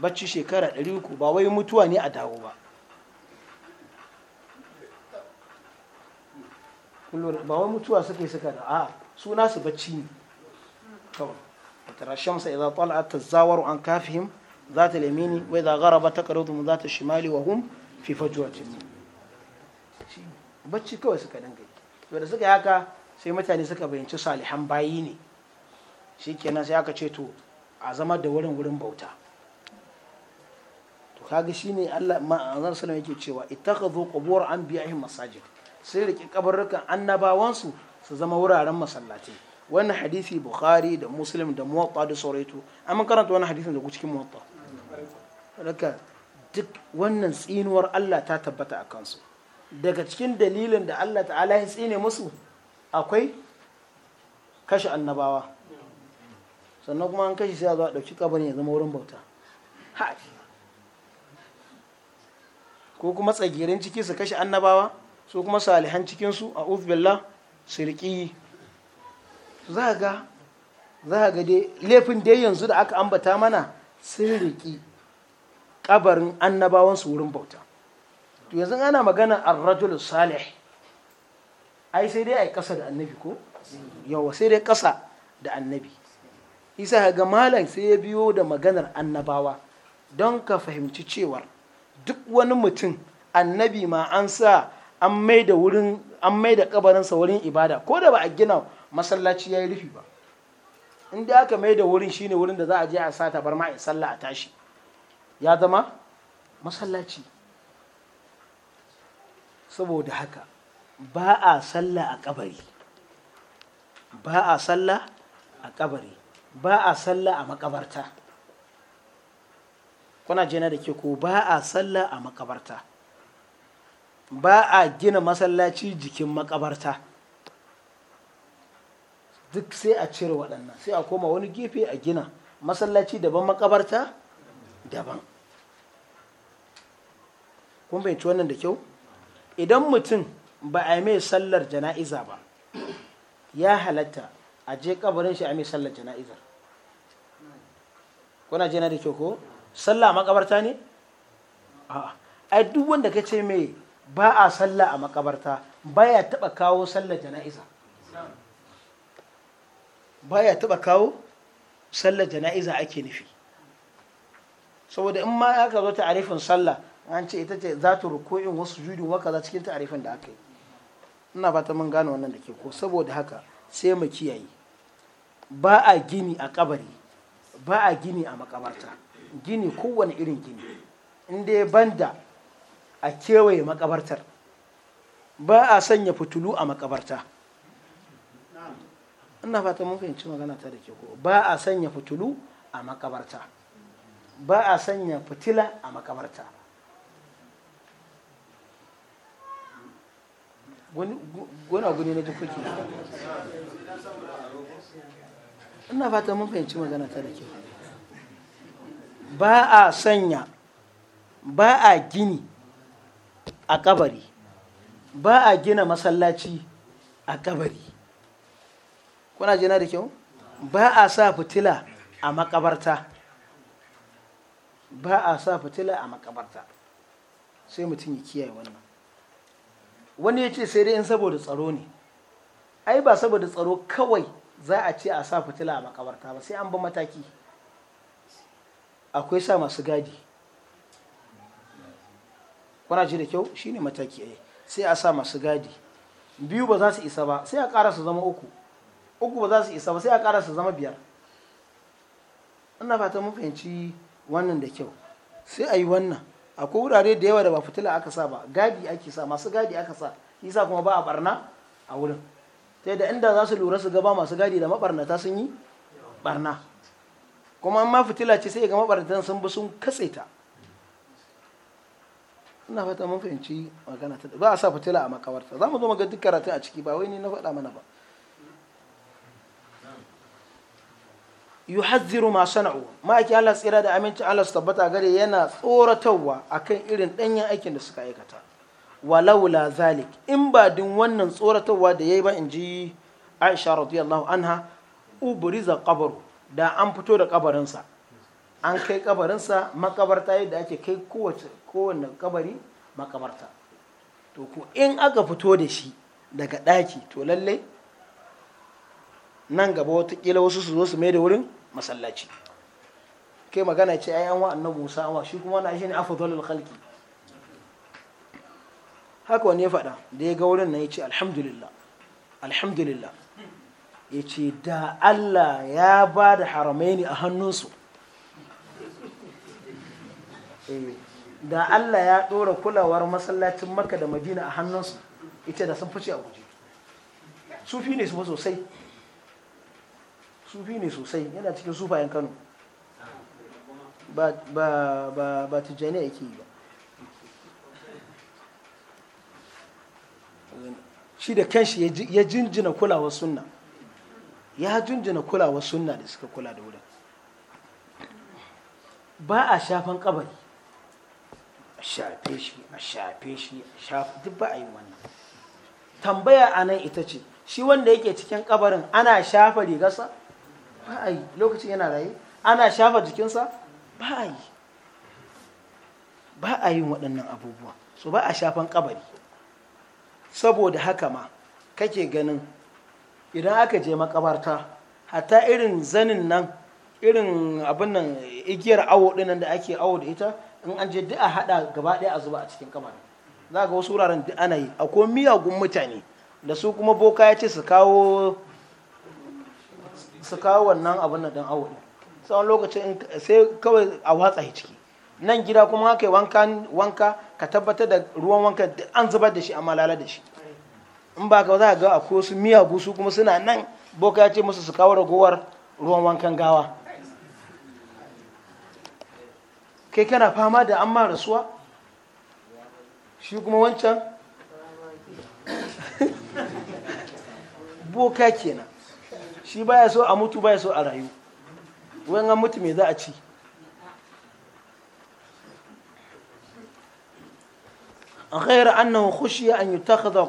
bacci shekara 300 ba wai mutuwa ne a dawo ba ba wai mutuwa suke suka da a suna su bacci ne kawai tara shamsa idza ta tazawaru an kafihim ذات اليمين za ta تقرضهم ذات hun fifa في فجوة bacci kawai suka dinga suka yi haka sai mutane suka fahimci salihan bayi ne shi kenan sai aka ce to a zama da wurin wurin bauta to kaga ne Allah manzon sallallahu yake cewa ita ka zo an biya yin masajid sai rike kabarrukan annabawansu su zama wuraren masallatai wannan hadisi bukhari da muslim da muwatta da sauraito mun karanta wannan hadisin da ku cikin muwatta duk wannan tsinuwar Allah ta tabbata a kansu daga cikin dalilin da Allah ta'ala ya tsine musu akwai kashe annabawa sannan kuma an kashe sai a zo a ɗauki kabarin ya zama wurin bauta ko kuma tsagirin ciki su kashe annabawa su kuma salihan cikinsu a uzbillah sirki za ga za ga dai laifin dai yanzu da aka ambata mana sun riƙi kabarin annabawansu wurin bauta to yanzu ana magana ar-rajul salih ai sai dai ai kasa da annabi ko yawa sai dai kasa da annabi isa ga malam sai ya biyo da maganar annabawa don ka fahimci cewar duk wani mutum annabi ma an sa an mai da wurin kabarinsa wurin ibada ko da ba a gina masallaci ya yi rufi ba inda aka mai da wurin shine wurin da za a je a sa ma a sallah a tashi ya zama masallaci saboda haka ba a sallah a kabari ba a sallah a kabari ba a sallah a makabarta kuna jina da ke ko ba a sallah a makabarta ba a gina masallaci jikin makabarta duk sai a cire waɗannan sai a koma wani gefe a gina masallaci daban makabarta daban kun fahimci wannan da kyau idan mutum ba a yi mai sallar jana'iza ba ya halatta a je kabarin shi a mai sallar jana'izar kuna jina da kyau ko sallah a makabarta ne ai duk wanda ka ce mai ba a sallah a makabarta baya taba kawo sallar jana'iza baya taba kawo sallar jana'iza ake nufi saboda in ma aka zo ta arifin sallah an ce ita ce za ta ruku'in wasu judu waka za cikin ta'arifin da aka yi ina fata mun gane wannan da ke ko saboda haka sai mu kiyaye ba a gini a kabari ba a gini a makabarta gini kowane irin gini inda ya banda a kewaye makabartar ba a sanya fitulu a makabarta ina fata mun fahimci magana ta da ke ko ba a sanya fitulu a makabarta ba a sanya fitila a makabarta gunaguni na jikoki ina fata mun fahimci magana ta da ke ba a sanya ba a gini a kabari ba a gina masallaci a kabari kuna jina da kyau ba a sa fitila a makabarta ba a sa fitila a makabarta sai mutum ya kiyaye wannan wani ya ce sai dai in saboda tsaro ne ai ba saboda tsaro kawai za a ce a sa fitila a makabarta ba sai an ba mataki akwai sa masu gadi kuna ji da kyau shine mataki ai eh. sai a sa masu gadi biyu ba za su isa ba sai a ƙara su zama uku uku ba za su isa ba sai a ƙara su zama biyar ina fata mun fahimci wannan da kyau sai a yi wannan akwai wurare da yawa da ba fitila aka sa ba gadi ake sa masu gadi aka sa yasa kuma ba a barna a wurin sai da inda za su lura su gaba masu gadi da mabarnata sun yi barna kuma ma fitila ce sai ga mabarnata sun bi sun katse ta ina fata mun fahimci magana ta ba a sa fitila a makawarta za mu zo mu ga duk karatun a ciki ba wai ni na faɗa mana ba haziru ma sana'u ma'aiki Allah tsira da amincin Allah su tabbata gare yana tsoratarwa akan irin danyen aikin da suka aikata walaula zalik in ba din wannan tsoratarwa da yayi ba in ji Aisha radiyallahu anha ubriza qabru da an fito da kabarinsa an kai kabarinsa makabarta yadda ake kai kowace kowanne kabari makabarta to ko in aka fito da shi daga daki to lallai nan gaba watakila wasu su zo su mai da wurin masallaci kai magana ce ai an wa annabi Musa an wa shi kuma na shine afdalul khalqi haka wani ya faɗa da ya ga wurin na ya ce alhamdulillah alhamdulillah ya ce da Allah ya ba da haramaini a hannunsu eh, da Allah ya ɗora kulawar masallacin maka da madina a hannunsu ita da sun fice a guje sufi ne su sosai sufi ne sosai yana cikin sufayen kano ba tijjani ake yi ba shi da kanshi ya jinjina kulawar sunna ya jinjina kulawar sunna da suka kula da wurin ba a shafan kabari a shafe shi a shafe shi a shafe duk ba a yi wannan tambaya a nan ita ce shi wanda yake cikin kabarin ana shafa rigarsa ba a yi lokacin yana raye ana shafa jikinsa ba a yi ba a yin waɗannan abubuwa so ba a shafan kabari saboda haka ma kake ganin idan aka je makabarta hatta irin zanin nan irin abin nan igiyar awo ɗinan da ake awo da ita in an je duk a haɗa gaba ɗaya a zuba a cikin kabarin za ga wasu wuraren duk ana yi akwai miyagun mutane da su kuma boka ya ce su kawo su kawo wannan abin na din awo tsawon lokacin sai kawai a watsa ya ciki nan gida kuma haka yi wanka ka tabbatar da ruwan wanka an zubar da shi amma lala da shi in ba ka za ga a ko su miya su kuma suna nan boka ya ce musu su kawo ragowar ruwan wankan gawa kai kana fama da an ma rasuwa shi kuma wancan *laughs* boka kenan shi baya so a mutu baya so a rayu wani an mutu me za a ci غير أنه خشي أن يتخذ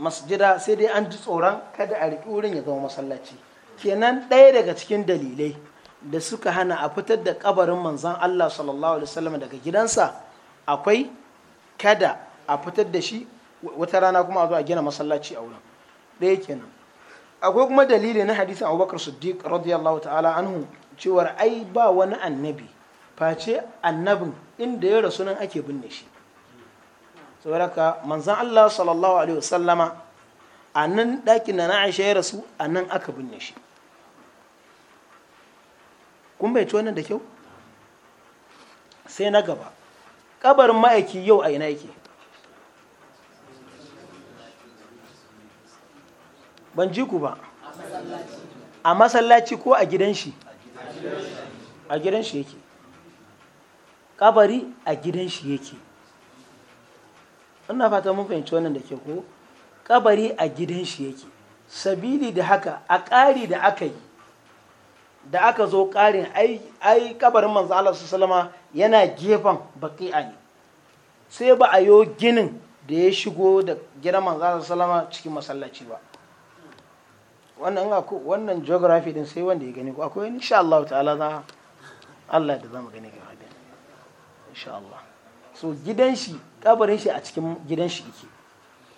masjida sai dai an ji tsoron kada a riƙi wurin ya zama masallaci kenan ɗaya daga cikin dalilai da suka hana a fitar da kabarin manzan Allah sallallahu alaihi wasallam daga gidansa akwai kada a fitar da shi wata rana kuma a zo a gina masallaci a wurin ɗaya kenan akwai kuma dalili na hadisin abubakar siddiq radiyallahu ta'ala anhu cewar ai ba wani annabi face annabin inda ya rasu nan ake binne shi saboda ka manzan Allah sallallahu alaihi wasallama a nan ɗakin na na aisha ya rasu a nan aka binne shi kun bai ci wannan da kyau sai na gaba kabarin ma'aiki yau a ina yake ban ji ku ba a masallaci ko a gidan shi a gidan shi yake kabari a gidan shi yake ina fata mun fahimci wannan da ke ko kabari a gidan shi yake sabili da haka a ƙari da aka yi da aka zo ƙarin ai kabarin manzo Allah sallama yana gefen a ne sai ba a yo ginin da ya shigo da gidan manzo Allah sallama cikin masallaci ba wannan wannan geography din sai wanda ya gani ko akwai insha Allah ta'ala za Allah da zamu gani gaba da insha Allah so gidan shi kabarin shi a cikin gidan shi yake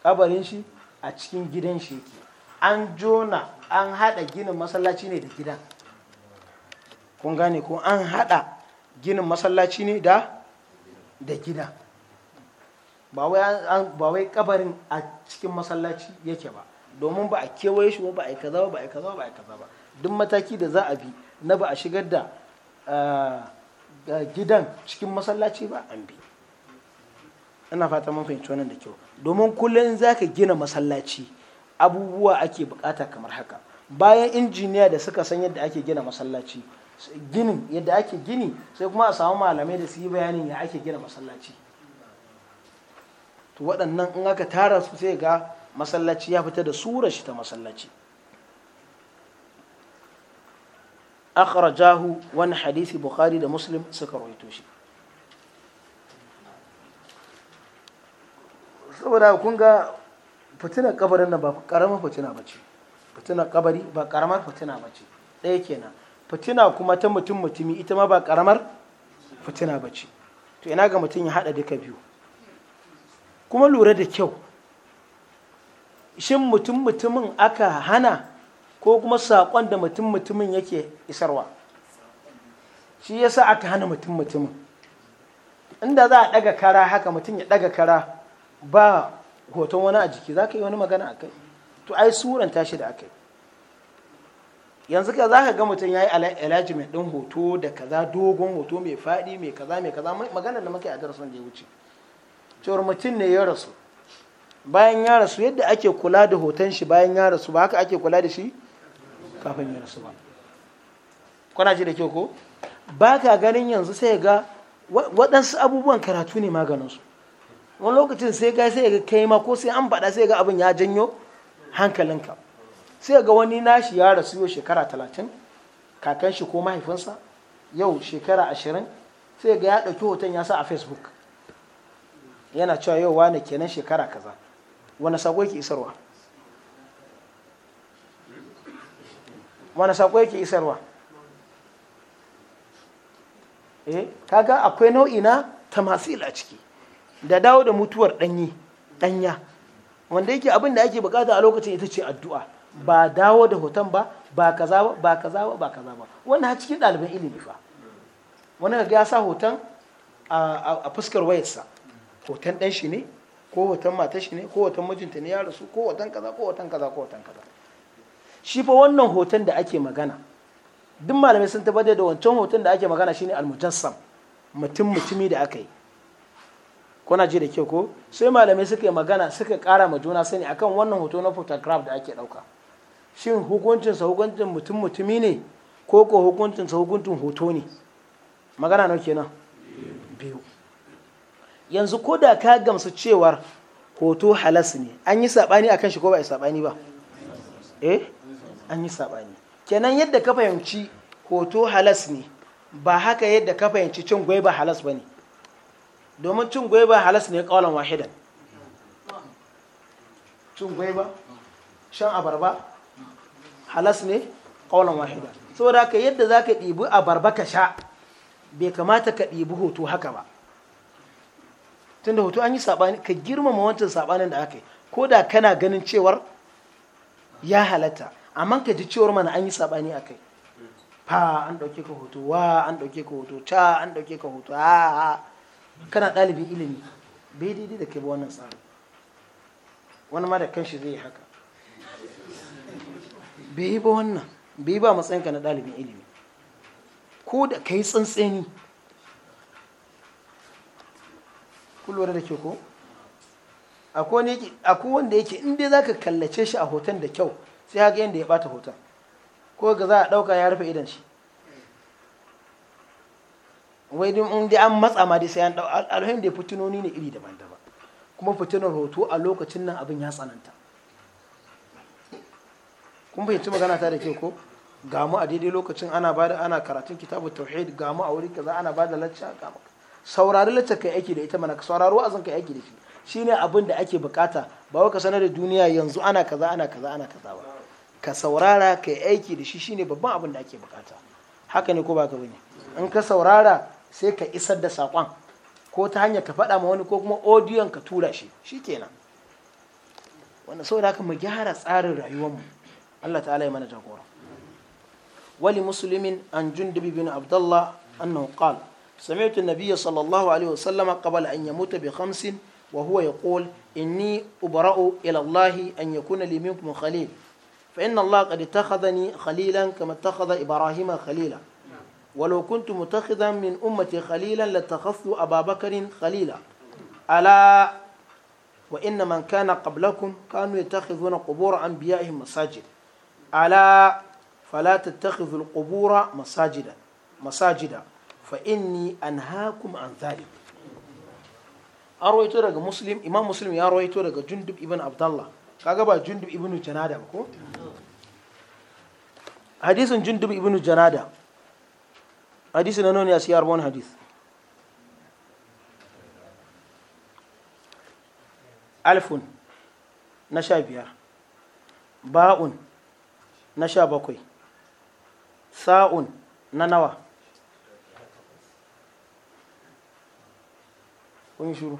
kabarin shi a cikin gidan shi yake an jona an hada ginin masallaci ne da gidan kun gane ko an hada ginin masallaci ne da da gidan ba wai kabarin a cikin masallaci yake ba domin ba a kewaye shi ba a yi kaza ba a kaza ba a yi kaza ba duk mataki da za a bi na ba a shigar da ah, ah, gidan cikin masallaci ba an bi ina fata mun fahimci wannan da kyau domin kullum za ka gina masallaci abubuwa ake bukata kamar haka bayan injiniya da suka san yadda ake gina masallaci ginin yadda ake gini sai kuma a samu malamai da su yi bayanin ya ake gina masallaci to waɗannan in aka tara su sai ga masallaci ya fita da sura shi ta masallaci akhrajahu wani hadisi bukhari da muslim suka rawaito shi saboda kun ga fitinar kabarin nan ba karamar fitina ba ce fitinar kabari ba karamar fitina ba ce ɗaya kenan fitina kuma ta mutum mutumi ita ma ba karamar fitina ba ce to ina ga mutum ya haɗa duka biyu kuma lura da kyau shin mutum mutumin aka hana ko kuma saƙon da mutum mutumin yake isarwa shi yasa aka hana mutum mutumin inda za a ɗaga kara haka mutum ya ɗaga kara ba hoton wani a jiki za ka yi wani magana a kai to ai suran tashi da aka yi yanzu ka za ka ga mutum ya yi alaji mai ɗin hoto da kaza dogon hoto mai faɗi mai kaza mai kaza magana da muka yi a darasin da ya wuce cewar mutum ne ya rasu bayan ya rasu yadda ake kula da hoton shi bayan ya rasu ba haka ake kula da shi kafin ya rasu ba kwana ji da kyau ko ba ka ganin yanzu sai ga waɗansu abubuwan karatu ne maganinsu wani lokacin sai ga sai ga kai ma ko sai an faɗa sai ga abin ya janyo hankalinka sai ga wani nashi ya rasu yau shekara talatin kakan shi ko mahaifinsa yau shekara ashirin sai ga ya ɗauki hoton ya sa a facebook yana cewa yau wane kenan shekara kaza wani sako yake isarwa wani sako yake isarwa eh kaga akwai nau'i na tamasil a ciki da dawo da mutuwar danyi ɗanya wanda yake abin da ake bukata a lokacin ita ce addu'a ba dawo da hoton ba ba kaza ba ba kaza ba ba kaza ba wannan har cikin ɗaliban ilimi fa wani ga ya sa hoton a fuskar wayarsa hoton ɗan shi ne ko hoton mata shi ne ko hoton mijinta ne ya rasu ko hoton kaza ko hoton kaza ko hoton kaza shi fa wannan hoton da ake magana duk malamai sun tabbatar da wancan hoton da ake magana shine almujassam mutum mutumi da aka yi kuna ji da kyau ko sai malamai suka yi magana suka kara ma juna sani akan wannan hoto na photograph da ake dauka shin hukuncinsa hukuncin mutum mutumi ne ko ko hukuncinsa hukuncin hoto ne magana nau kenan biyu yanzu ko da ka gamsu cewar hoto halas ne an yi saɓani akan shi ko ba a yi saɓani ba eh an yi saɓani kenan yadda ka fahimci hoto halas ne ba haka yadda ka fahimci cin ba halas ba ne domin cin ba halas ne kawalan wahidan cin ba shan abarba halas ne kawalan wahidan saboda haka yadda za ka ɗibi abarba ka sha bai kamata ka ɗibi hoto haka ba tunda hoto an yi sabani ka girmama wancan sabanin da aka yi ko da kana ganin cewar ya halatta amma ka ji cewar mana an yi sabani akai fa an dauke ka hoto wa an dauke ka hoto ta an dauke ka hoto ha kana ɗalibin ilimi bai daidai da kai ba wannan tsari. wani ma da kanshi zai yi haka bai ba wannan bai ba matsayinka na ɗalibin ilimi ko da kai tsantseni ku lura da ke ko akwai wanda yake in dai za ka kallace shi a hoton da kyau sai haka yadda ya bata hoton ko ga za a dauka ya rufe idan shi wai in dai an matsa ma dai sai an ɗau alhamdu da fitinoni ne iri daban-daban kuma fitinar hoto a lokacin nan abin ya tsananta kun fahimci magana ta da ke ko gamu a daidai lokacin ana bada ana karatun kitabu tauhid gamu a wuri kaza ana bada lacca gamu saurari laccar kai aiki da ita mana ka saurari wa'azin kai aiki da shi shine abin da ake bukata ba wai ka sanar da duniya yanzu ana kaza ana kaza ana kaza ba ka saurara kai aiki da shi shi ne babban abin da ake bukata haka ne ko ba ka bane in ka saurara sai ka isar da saƙon ko ta hanyar ka faɗa ma wani ko kuma odiyon ka tura shi shi kenan wannan saboda haka mu gyara tsarin rayuwar mu Allah ta'ala ya mana jagora wali muslimin an jundubi bin abdullah annahu qala سمعت النبي صلى الله عليه وسلم قبل أن يموت بخمس وهو يقول إني أبرأ إلى الله أن يكون لي منكم خليل فإن الله قد اتخذني خليلا كما اتخذ إبراهيم خليلا ولو كنت متخذا من أمتي خليلا لاتخذت أبا بكر خليلا ألا وإن من كان قبلكم كانوا يتخذون قبور أنبيائهم مساجد ألا فلا تتخذوا القبور مساجدا مساجدا fa inni anhaakum an zalik an rawaito daga muslim imam muslim ya rawaito daga jundub ibn abdullah kaga ba jundub ibn janada ba ko hadisin jundub ibn janada hadisi na nuna ya siyar wani hadis alfun na sha biyar ba'un na sha bakwai sa'un na nawa kun shiru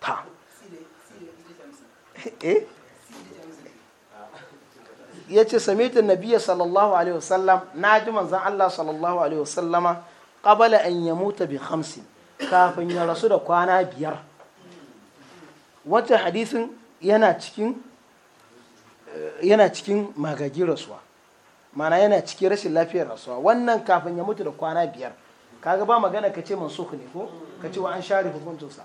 ta eh ya ce samitin nabiya sallallahu alaihi wasallam na ji manzan Allah sallallahu alaihi wasallama qabala an yamuta bi hamsin kafin ya rasu da kwana biyar wancan hadisin yana cikin eh, magagin rasuwa mana yana cikin rashin lafiyar rasuwa wannan kafin ya mutu da kwana biyar kaga ba magana ka ce mansukh ne ko ka ce wa an share hukuncinsa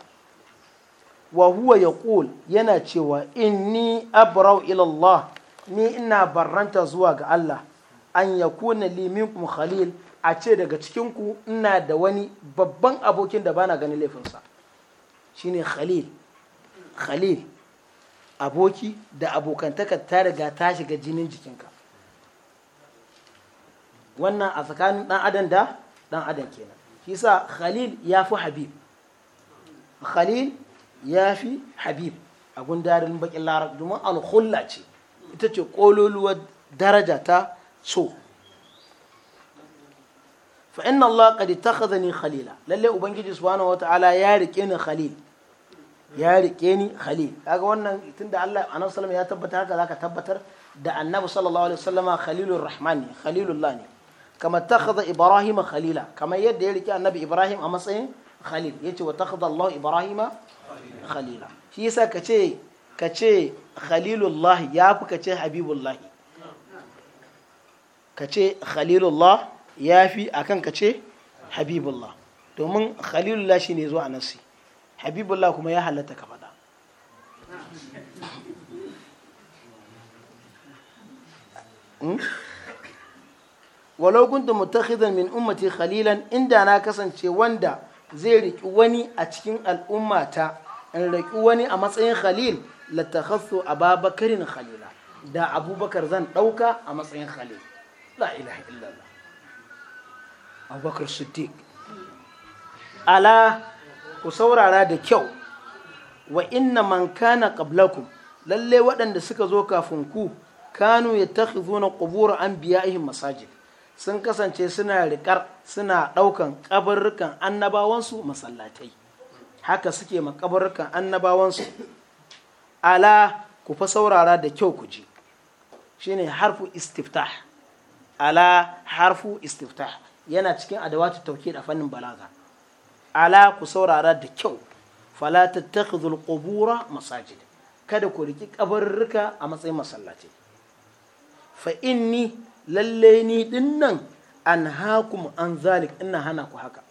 wa huwa ƙul yana cewa inni abrau ilallah ni ina barranta zuwa ga Allah an ya limin minkum khalil a ce daga cikinku ina da wani babban abokin da bana ganin laifinsa shine khalil khalil aboki da abokantaka ta riga ta shiga jinin jikinka wannan a tsakanin dan adam da dan adam kenan shisa khalil ya fi habib khalil ya fi habib a gundarin bakin larab domin alhulla ce ita ce kololuwar daraja ta so fa inna Allah qad ittakhadhani khalila lalle ubangiji subhanahu wata'ala ya rike ni khalil ya rike ni khalil kaga wannan tunda Allah annabi sallallahu ya tabbata haka zaka tabbatar da annabi sallallahu alaihi wasallama khalilur rahman ne khalilullah ne kama takhadha ibrahim khalila kama yadda ya rike annabi ibrahim a matsayin khalil yace wa takhadha Allah ibrahim khalila shi yasa kace kace khalilullah yafi kace habibullah kace khalilullah yafi akan kace habibullah domin khalilullah shine zuwa nasi habibullah kuma ya halatta ka faɗa hmm? walau kuntu mutakhidan min ummati khalilan inda na kasance wanda zai riki wani a cikin al'ummata in riki wani a matsayin khalil latakhassu ababakarin khalila da abubakar zan ɗauka a matsayin khalil la ilaha illallah abubakar siddiq ala ku saurara da kyau wa inna man kana qablakum lalle waɗanda suka zo kafin ku kanu yattakhizuna qubur anbiya'ihim masajid sun kasance suna riƙar suna ɗaukan ƙabarrukan annabawansu masallatai haka suke ma ƙabarrukan annabawansu ala ku fa saurara da kyau ku ji shine harfu istiftah ala harfu istiftah yana cikin adawatu tauki da fannin balaga ala ku saurara da kyau fala tattakhidhul qubura masajid kada ku riki kabarruka a matsayin masallaci fa inni lalle ni dinnan an mu an zalik ina hana ku haka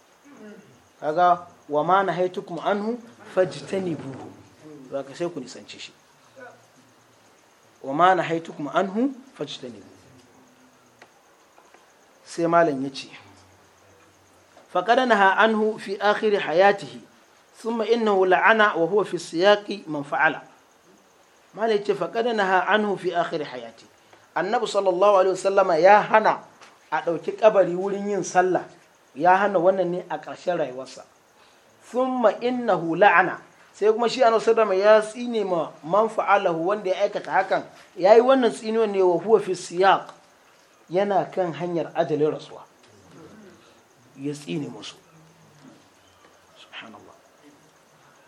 kaga wa ma nahaitukum anhu fajtanibuhu zaka sai ku nisanci shi wa ma nahaitukum anhu fajtanibuhu sai malam ya ce فقد نهى عنه في آخر حياته ثم إنه لعن وهو في السياق من فعل ما ليش فقد نهى عنه في آخر حياته النبي صلى الله عليه وسلم يا هنا أدوكي قبري ولين صلى يا هنا ونني أكرشل رأيوسا ثم إنه لعن sai kuma shi annabi sallallahu ya tsine ma man fa'alahu wanda ya aikata hakan yayi wannan tsinuwa ne wa huwa fi siyaq yana kan hanyar adalin rasuwa ya tsine musu subhanallah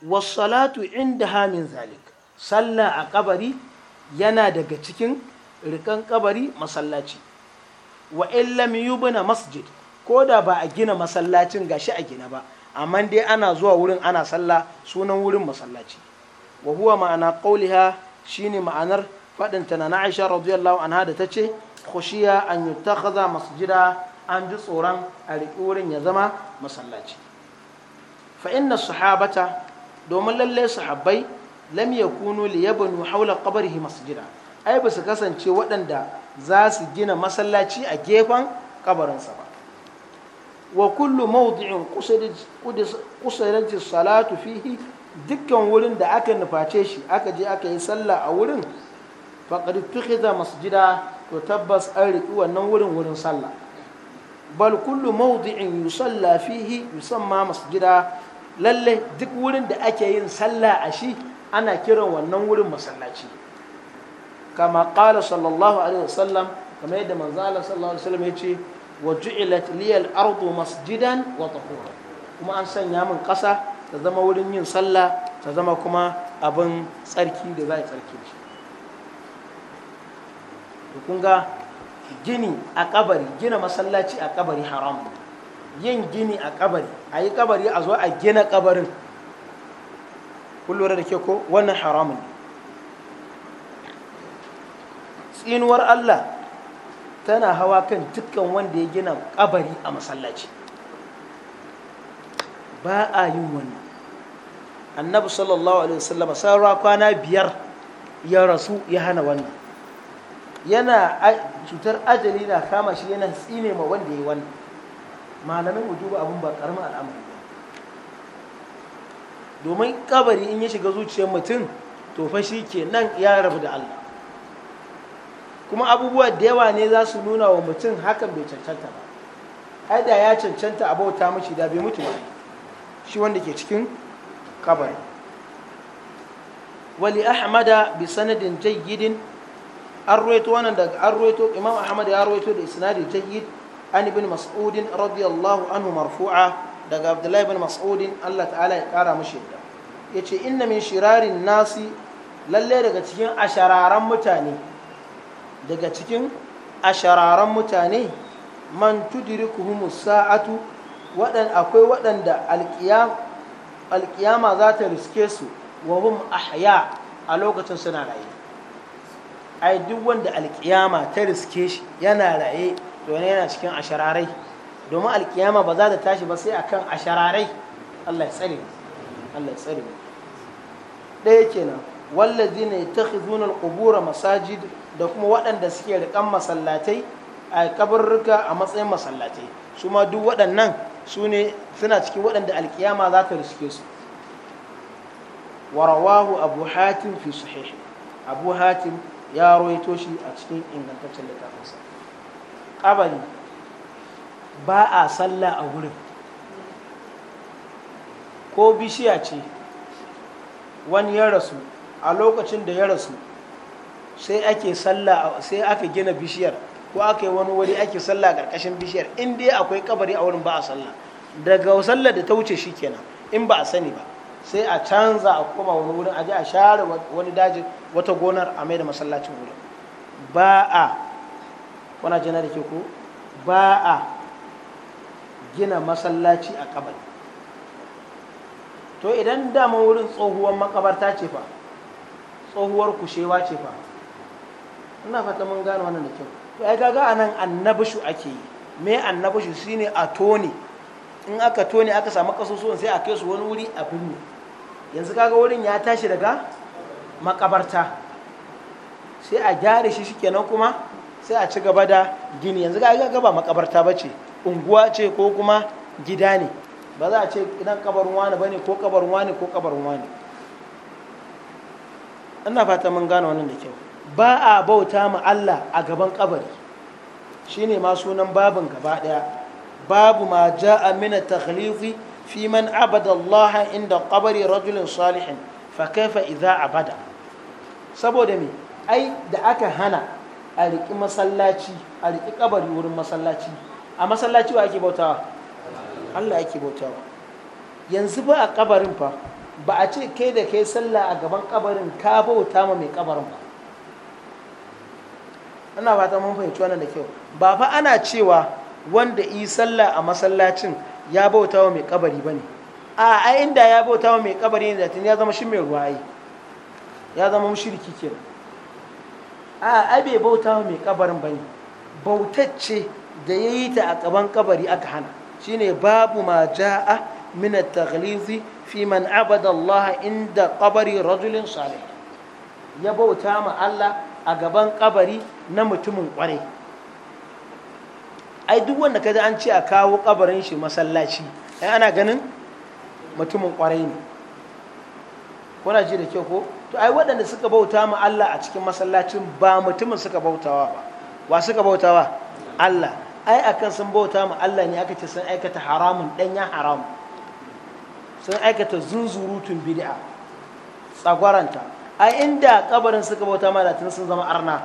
wasalatu inda hamin zalik sallah a kabari yana daga cikin rikan kabari masallaci wa illam yubna masjid ko da ba a gina masallacin gashi a gina ba amma dai ana zuwa wurin ana sallah sunan wurin masallaci wa huwa ma'ana qawliha shine ma'anar faɗin ta na Aisha radiyallahu anha da tace khushiya an yutakhadha masjida an ji tsoron a riƙi wurin ya zama masallaci na su sahabata domin lalle sahabbai lam kunu liyabnu haula qabrihi masjida ai ba su kasance waɗanda za su gina masallaci a gefen kabarinsa ba wa kullu mawdi'in qusirat salatu fihi dukkan wurin da aka nuface shi aka je aka yi sallah a wurin faqad masjida to tabbas an riƙi wannan wurin wurin sallah bal kullu mawdi'in yusalla fihi yusamma masjida lalle duk wurin da ake yin sallah a shi ana kiran wannan wurin masallaci kama qala sallallahu alaihi wasallam kama yadda manzo Allah sallallahu alaihi wasallam yace wa ju'ilat liyal ardu masjidan wa tahura kuma an sanya min kasa ta zama wurin yin sallah ta zama kuma abin tsarki da za a tsarki shi kun ga gini a kabari gina masallaci a kabari haram yin gini a kabari a yi kabari a zo a gina kabarin kullum da ke ko wannan haramun tsinuwar allah tana hawa kan dukkan wanda ya gina kabari a masallaci ba a yin wannan annabi sallallahu alaihi wasallama sarra kwana biyar ya rasu ya hana wannan yana cutar ajali na kama shi yana tsine ma wanda ya yi wani malamin wujuba abun ba karamin al'amari ba domin kabari in ya shiga zuciyar mutum to fa shi ke nan ya rabu da Allah kuma abubuwa da yawa ne za su nuna wa mutum hakan bai cancanta ba ai da ya cancanta a bauta mashi da bai mutu ba shi wanda ke cikin kabari wali ahmada bi sanadin jayyidin an ruwaito wannan daga an ruwaito imam ahmad ya ruwaito da isnadi jayyid an ibn mas'ud radiyallahu anhu marfu'a daga abdullahi ibn mas'ud Allah ta'ala ya kara mishi yadda yace inna min shirarin nasi lalle daga cikin ashararan mutane daga cikin ashararan mutane man tudrikuhumus sa'atu wadan akwai wadanda alqiyam alqiyama za ta riske su wa hum ahya a lokacin suna rayu ai duk wanda alkiyama ta riske shi yana raye don yana cikin ashararai domin alkiyama ba za ta tashi ba sai akan ashararai Allah ya tsare Allah ya tsare ɗaya kenan wallazi ne ta masajid da kuma waɗanda suke riƙan masallatai a kabarruka a matsayin masallatai su ma duk waɗannan su ne suna cikin waɗanda alkiyama za ta riske su warawahu abu hatim fi sahih abu hatim ya roito shi a cikin ingantaccen littafinsa ƙabari ba a sallah a wurin ko bishiya ce wani ya rasu a lokacin da ya rasu sai ake sallah sai aka gina bishiyar ko aka yi wani wuri ake sallah a ƙarƙashin bishiyar in dai akwai kabari a wurin ba a sallah daga sallar da ta wuce shi kenan in ba a sani ba sai a canza a koma wani wurin aje a share wani daji wata gonar a mai da masallacin wurin ba a wana jana da ke ko ba a gina masallaci a kabari to idan dama wurin tsohuwar makabarta ce fa tsohuwar kushewa ce fa ina fata mun gane wannan da kyau to ai kaga anan annabushu ake yi me annabushu shine a tone in aka tone aka samu kasusuwan sai a kai su wani wuri a binne yanzu kaga wurin ya tashi daga makabarta sai a gyara shi shikenan kuma sai a ci gaba da gini yanzu kaga ba makabarta ba unguwa ce ko kuma gida ne ba za a ce idan kabarin wani ba ne ko kabarin wani ko kabarin wani ina fata mun gane wannan da kyau ba a bauta ma Allah a gaban kabari shine ma sunan babin gaba daya babu ma ja'a mina takhlifi في من عبد الله عند قبر رجل صالح فكيف إذا عبد saboda me ai da aka hana a riƙi masallaci a riƙi kabari wurin masallaci a masallaci wa ake bautawa Allah ake bautawa yanzu ba a kabarin fa ba a ce kai da kai sallah a gaban kabarin ka bauta ma mai kabarin ba ana fata mun fahimci wannan da kyau ba fa ana cewa wanda yi sallah a masallacin ya bauta wa mai kabari ba ne a inda ya bauta wa mai kabari ne zatin ya zama shi mai ruwa ai ya zama mushriki ke a ai bai bauta wa mai kabarin ba ne bautacce da ya yi ta a kaban kabari aka hana shine babu ma ja'a min at fi man abada Allah inda kabari rajulin salih ya bauta ma Allah a gaban kabari na mutumin kwarai ai duk wanda kaji an ce a kawo kabarin shi masallaci ai ana ganin mutumin kwarai ne kuna ji da kyau ko to ai waɗanda suka bauta ma Allah a cikin masallacin ba mutumin suka bautawa ba wa suka bautawa Allah ai akan sun bauta ma Allah ne aka ce sun aikata haramun ya haram sun aikata zunzurutun bid'a tsagwaranta ai inda kabarin suka bauta ma da sun zama arna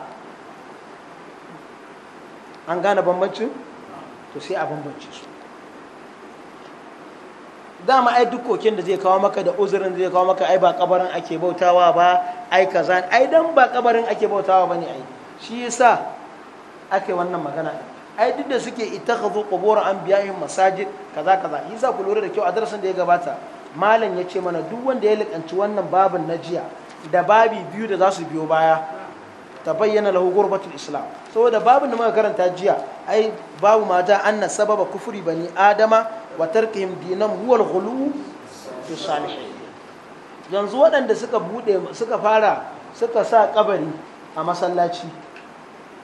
an gane bambancin to sai a bambance su dama ai duk kokin da zai kawo maka da uzurin zai kawo maka ai ba kabarin ake bautawa ba ai kaza ai dan ba kabarin ake bautawa bane ai shi yasa ake wannan magana ai duk da suke ittakhadhu qubur anbiya'in masajid kaza kaza yasa ku lura da kyau a darasin da ya gabata malam ya ce mana duk wanda ya likanci wannan babin na jiya da babi biyu da za su biyo baya ta bayyana lahu gurbatul islam saboda babu da muka karanta jiya ai babu mata anna sababa kufuri bani adama wa tarkihim dinam al ghulu fi salihin yanzu waɗanda suka bude suka fara suka sa kabari a masallaci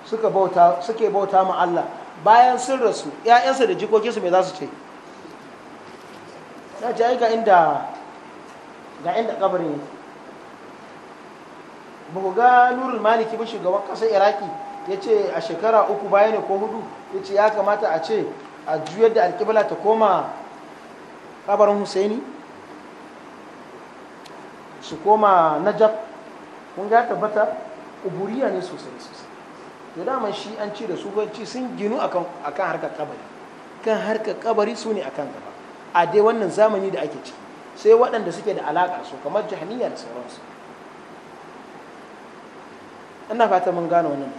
suka bauta suke bauta ma Allah bayan sun rasu ƴaƴansu da jikokinsu me za su ce na ga inda ga inda kabarin ba ku ga nurul maliki ba shugaban ƙasar iraki ya ce a shekara uku baya ne ko hudu ya ce ya kamata a ce a juyar da alkibla ta koma kabarin husaini su koma najab kun ga tabbata kuburiya ne sosai sosai to daman shi an ci da sufanci sun ginu kan harkar kabari kan harkar kabari su ne a kan gaba a dai wannan zamani da ake ciki sai waɗanda suke da alaƙa su kamar jahaniya da sauransu ina fata mun gane wannan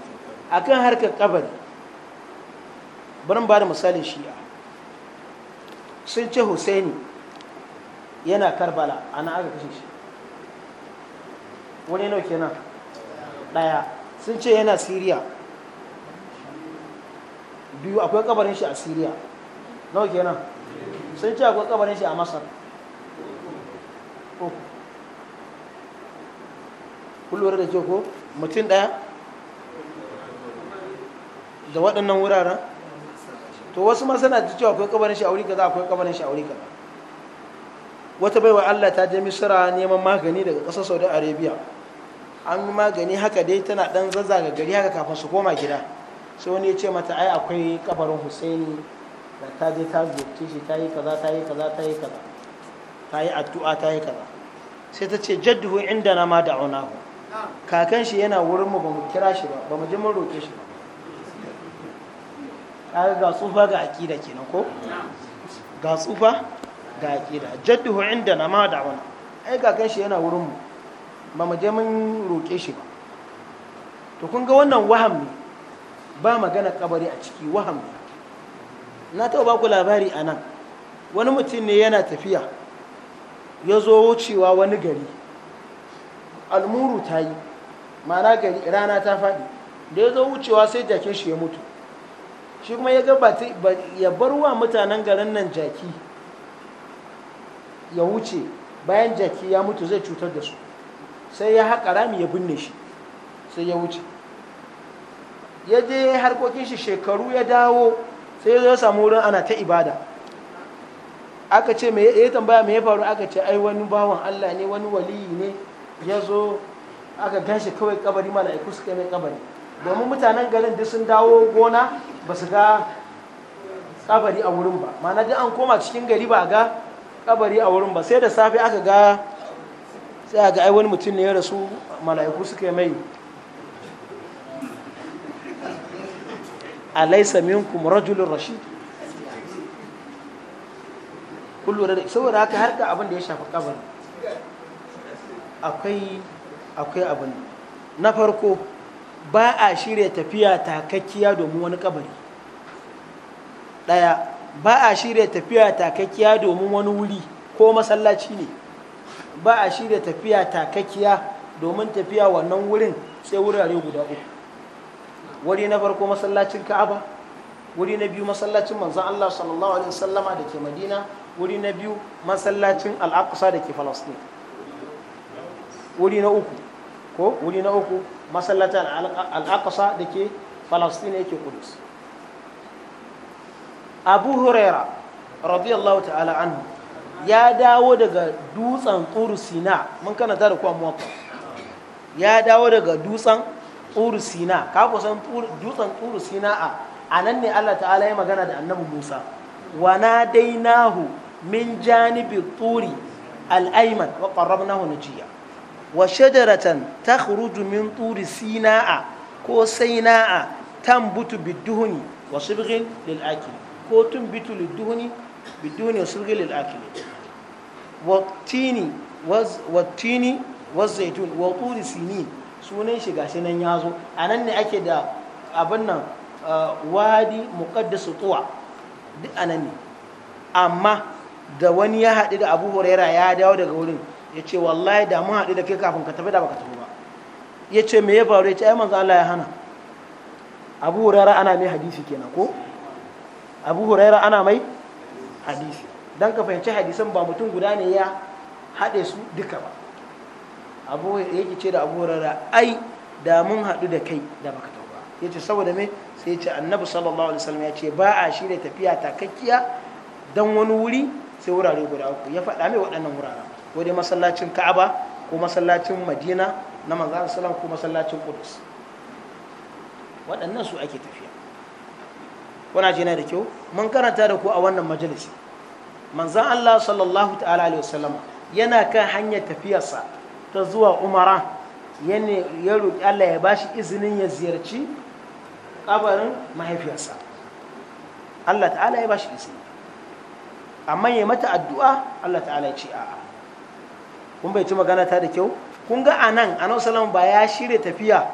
akan harkar kabari bari ba da misalin shi'a sun ce husaini yana karbala ana aka kashe shi wani nauke na daya sun ce yana siriya biyu akwai kabarin shi a siriya nauke na sun ce akwai kabarin shi a masar kullum da ke ko mutum ɗaya da waɗannan wuraren to wasu ma suna da cewa akwai kabarin shi kaza akwai kabarin shi kaza wata baiwa Allah ta je Misira neman magani daga ƙasar Saudi Arabia an yi magani haka dai tana ɗan zazzaga gari haka kafin su koma gida sai wani ya ce mata ai akwai kabarin Husaini da ta je ta ziyarce shi ta yi kaza ta yi kaza ta yi kaza ta yi addu'a ta yi kaza sai ta ce jadduhu na ma da'unahu kakan shi yana wurin mu ba mu kira shi ba ba mu ji mun roƙe shi ba ga tsufa ga aƙida kenan ko ga tsufa ga aƙida jadduhu inda na ma da wani ai kakan shi yana wurin mu ba mu je mun roƙe shi ba to kun ga wannan waham ne ba magana kabari a ciki waham ne na taɓa ba ku labari a nan wani mutum ne yana tafiya ya zo wucewa wani gari almuru ta yi ma'ana gari rana ta faɗi da ya zo wucewa sai jakin shi ya mutu shi kuma ya gabata ya bar wa mutanen garin nan jaki ya wuce bayan jaki ya mutu zai cutar da su sai ya haƙa rami ya binne shi sai ya wuce ya je harkokin shi shekaru ya dawo sai ya zo ya samu wurin ana ta ibada aka ce ya tambaya mai ya faru aka ce ai wani bawan Allah ne wani waliyi ne ya zo aka gan shi kawai kabari mala'iku suka mai kabari domin mutanen garin duk sun dawo gona ba su ga kabari a wurin ba ma'ana duk an koma cikin gari ba ga kabari a wurin ba sai da safe aka ga sai a ga ai wani mutum ne ya rasu mala'iku suka mai alaisa minkum rajulun rashid kullu da saboda haka harka abin da ya shafi kabari akwai akwai abin na farko ba a shirya tafiya takakkiya domin wani kabari ɗaya ba a shirya tafiya takakkiya domin wani wuri ko masallaci ne ba a shirya tafiya takakkiya domin tafiya wannan wurin sai wurare guda uku wuri na farko masallacin ka'aba wuri na biyu masallacin manzan Allah sallallahu alaihi wasallama da ke madina wuri na biyu masallacin al'aqsa da ke falastin wuri na uku ko wuri na uku masallacin al'aqsa da ke falastin yake kudus abu huraira radiyallahu ta'ala anhu ya dawo daga dutsen tsuru mun kana da kuwa muwatta ya dawo daga dutsen tsuru ka kusan dutsen ursina a a nan ne allah ta'ala ya magana da annabi musa wa na dainahu min janibi turi al'aiman wa ƙarrabnahu jiya? wa shajaratan takhruju min turi sina'a ko saina'a tambutu bidduhuni wa sibghin lil akil ko tumbitu liduhuni bidduhuni wa sibghin lil akil wa tini wa zaitun wa turi sinin sunan shiga shi nan ya zo a nan ne ake da abin nan wadi muqaddas tuwa duk a nan ne amma da wani ya haɗu da abu huraira ya dawo daga wurin ya ce wallahi da mun haɗu da kai kafin ka tafi da baka tafi ba ya ce me ya faru ya ce ai manzo Allah ya hana abu Hurairah ana mai hadisi kenan ko abu Hurairah ana mai hadisi don ka fahimci hadisan ba mutum guda ne ya haɗe su duka ba abu yake ce da abu Hurairah ai da mun haɗu da kai da baka tafi ba ya ce saboda me sai ya ce annabi sallallahu alaihi wasallam ya ce ba a shirya tafiya takakkiya don wani wuri sai wurare guda uku ya faɗa mai waɗannan wuraren ko dai masallacin ka'aba ko masallacin madina na manzan salam ko masallacin kudus waɗannan su ake tafiya kuna jina da kyau mun karanta da ku a wannan majalisi manzan allah sallallahu ta'ala alaihi wasallam yana kan hanyar tafiyarsa ta zuwa umara ya roƙi allah ya bashi izinin ya ziyarci kabarin mahaifiyarsa allah ta'ala ya bashi izini amma ya mata addu'a allah ta'ala ya ce a'a kun bai ci magana ta da kyau kun ga anan anan salama ba ya shirya tafiya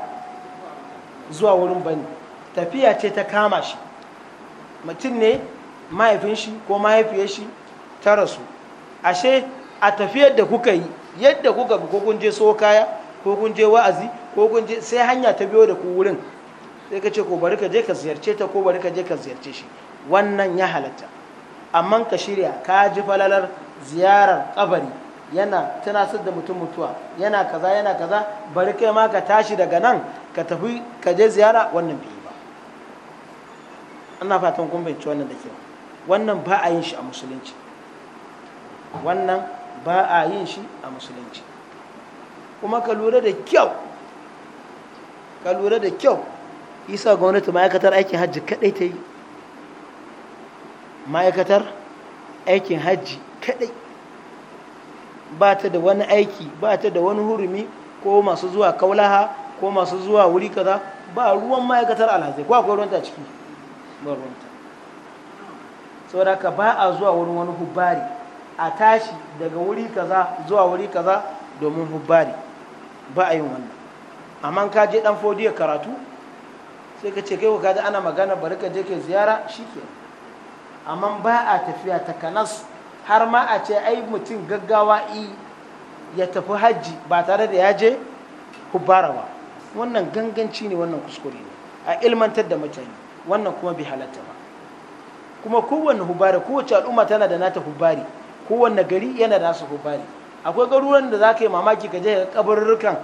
zuwa wurin bane tafiya ce ta kama shi mutum ne mahaifin shi ko mahaifiyar shi ta rasu ashe a tafiyar da kuka yi yadda kuka bi ko kun je so kaya ko kun je wa'azi ko kun je sai hanya ta biyo da ku wurin sai ka ce ko bari ka je ka ziyarce ta ko bari ka je ka ziyarce shi wannan ya halatta amma ka shirya ka ji falalar ziyarar kabari yana tunasar da mutum mutuwa yana kaza yana kaza bari kai ma ka tashi daga nan ka tafi ka je ziyara wannan bai ba ana fatan kun fahimci wannan da kyau wannan ba a yin shi a musulunci wannan ba a yin shi a musulunci kuma ka lura da kyau ka lura da kyau isa gwamnati ma'aikatar aikin hajji kadai ta yi ma'aikatar aikin hajji kadai ba ta da wani aiki ba ta da wani hurumi ko masu zuwa kaulaha ko masu zuwa wuri kaza ba ruwan ma'aikatar alhazai ko akwai ruwanta ciki ba ruwanta saboda ka ba a zuwa wurin wani hubari a tashi daga wuri kaza zuwa wuri kaza domin hubari ba a yin wannan amma ka je dan fodiya karatu sai ka ce kai ka ana magana bari ka je ka ziyara shikenan amma ba a tafiya ta kanas har ma a ce ai mutum gaggawa i ya tafi hajji ba tare da ya je hubbara ba wannan ganganci ne wannan kuskure ne a ilmantar da mutane wannan kuma bi halatta ba kuma kowanne hubbari kowace al'umma tana da nata hubbari kowanne gari yana da nasa hubari akwai garuruwan da za ka yi mamaki ka je ga kabarurrukan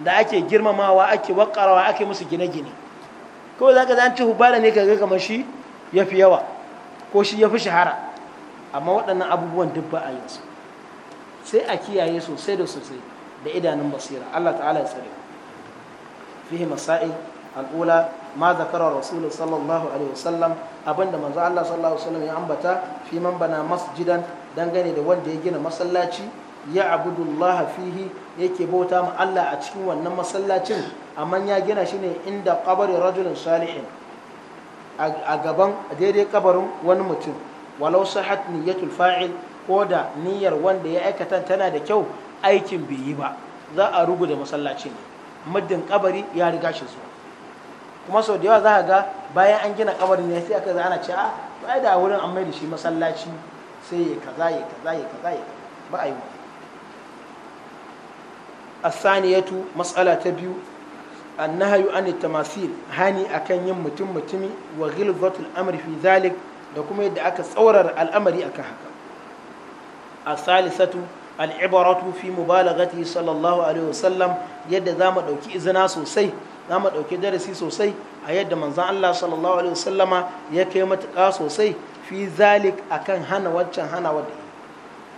da ake girmamawa ake wakarawa ake musu gine-gine kawai za ka zanci ne ka ga kamar shi ya fi yawa ko shi ya fi shahara amma waɗannan abubuwan duk ba a yi su sai a kiyaye sosai da sosai da idanun basira Allah ta'ala ya tsare fihi masai al'ula ma zakara rasulun sallallahu alaihi wasallam abinda manzo Allah sallallahu alaihi wasallam ya ambata fi man bana masjidan dangane da wanda ya gina masallaci ya abudullah fihi yake bauta ma Allah a cikin wannan masallacin amma ya gina shi ne inda qabari rajulin salihin a gaban daidai kabarin wani mutum walau sahat niyyatul fa'il ko da niyyar wanda ya aikata tana da kyau aikin bai yi ba za a rugu da masallaci ne muddin kabari ya riga shi zuwa kuma sau da yawa za ka ga bayan an gina kabarin ne sai aka za ana ce a ah, to da wurin an mai da shi masallaci sai ya kaza ya kaza ya kaza ya ba a yi wa asaniyatu matsala ta biyu annahayu an tamasil hani akan yin mutum mutumi wa ghilzatul amri fi zalik da kuma yadda aka tsaurar al'amari akan haka a salisatu al'ibaratu fi mubalaghati sallallahu alaihi wasallam yadda za mu ɗauki izina sosai za mu ɗauki darasi sosai a yadda manzan Allah sallallahu alaihi wasallama ya kai matuƙa sosai fi zalik kan hana wancan hana wadda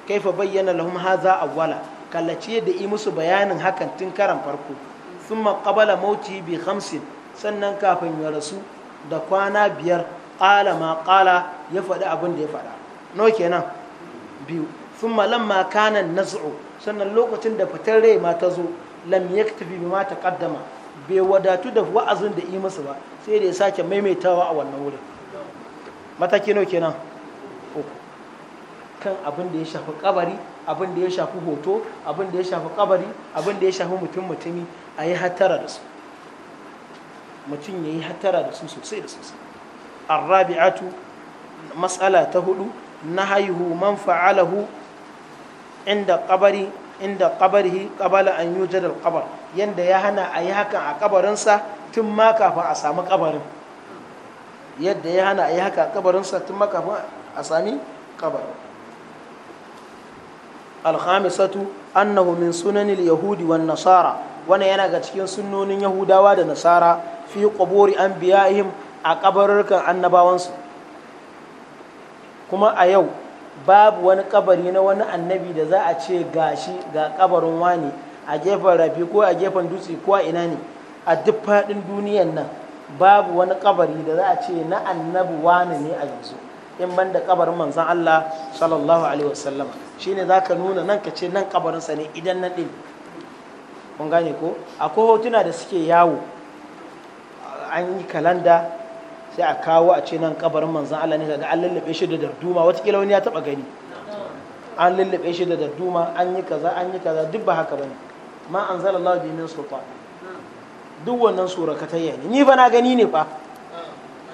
kaifa bayyana lahum hadha awwala kallaci yadda yi musu bayanin hakan tun karan farko sun qabala mauti bi hamsin sannan kafin ya rasu da kwana biyar qala ma qala ya faɗi abin da ya faɗa no kenan biyu thumma lamma kana naz'u sannan lokacin da fitar rai ma ta zo lam yaktafi bima taqaddama bai wadatu da wa'azin da yi masa ba sai da ya sake maimaitawa a wannan wurin mataki no kenan uku kan abin da ya shafi kabari abin da ya shafi hoto abin da ya shafi kabari abin da ya shafi mutum mutumi a yi hatara da su mutum ya yi hatara da su sosai da sosai arrabi'atu matsala ta hudu nahayuhu man fa'alahu inda qabari inda qabarihi qabala an yujad al qabar yanda ya hana a yi hakan a kabarinsa tun ma kafin a sami kabarin alhamisatu annahu min sunanil yahudi wan nasara wannan yana ga cikin sunnonin yahudawa da nasara fi quburi anbiya'ihim a kabarurkan annabawansu kuma a yau babu wani kabari na wani annabi da za a ce gashi ga kabarin wani a gefen rafi ko a gefen dutse ko a ina ne a duk faɗin duniyan nan babu wani kabari da za a ce na annabi wani ne a yanzu in ban da kabarin manzan Allah sallallahu alaihi wasallama shine za ka nuna nan ka ce nan kabarinsa ne idan na ɗin kun gane ko akwai hotuna da suke yawo an yi kalanda sai a kawo a ce nan kabarin manzan Allah ne kaga an lullube shi da darduma watakila wani ya taba gani an lullube shi da darduma an yi kaza an yi kaza duk ba haka ba ne ma an zala anzalallahu bi min sulta duk wannan surakatayya ne ni ba na gani ne fa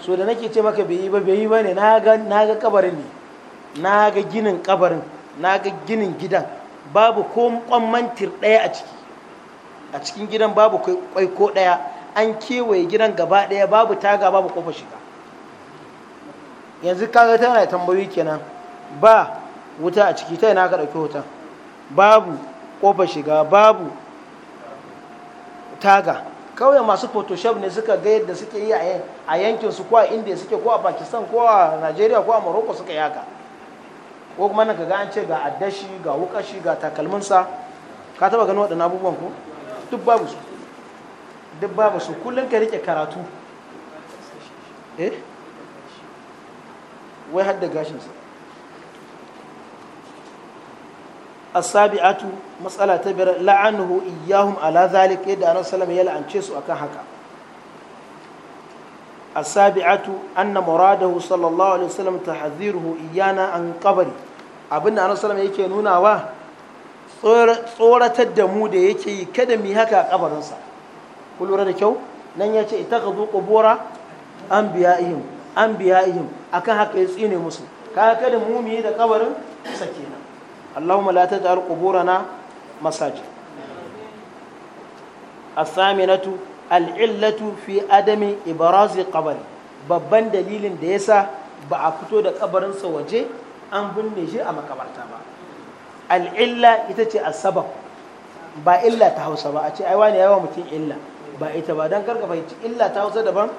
so da nake ce maka bai yi ba bai yi bane na ga na ga kabarin ne na ga ginin kabarin na ga ginin gidan babu ko kwan mantir daya a ciki a cikin gidan babu kwai ko daya an kewaye gidan gaba ɗaya babu taga babu kofa shiga yanzu kaga tana tambayoyi kenan ba wuta a ciki ta yana ka ɗauki hoton babu kofa shiga babu taga kawai masu photoshop ne suka ga yadda suke yi a yankin su ko a indiya suke ko a pakistan ko a nigeria ko a morocco suka yaka ko kuma nan ga an ce ga addashi ga wukashi ga takalminsa ka taba ganin waɗannan abubuwan ko duk babu su duk babu su kullum ka rike karatu eh wai hadda gashinsa asabi'atu matsala ta biyar la'anuhu iyahum ala zalik yadda annabi sallallahu ya la'ance su akan haka asabi'atu anna muradahu sallallahu alaihi wasallam tahziruhu iyana an qabri abinda annabi sallallahu yake nunawa tsoratar da mu da yake yi kada mu yi haka a kabarinsa ku lura da kyau nan ya ce ita ka zo ƙubura an biya ihim an biya ihim akan haka ya tsine musu kaga kada mumiyi da kabarin sa kenan Allahumma la taj'al quburana masajid as-saminatu al-illatu fi adami ibrazi qabri babban dalilin da yasa ba a fito da kabarin sa waje an binne shi a makabarta ba al-illa ita ce as ba illa ta Hausa ba a ce ai wani yawa mutum illa ba ita ba don karka fahimci illa ta hausa daban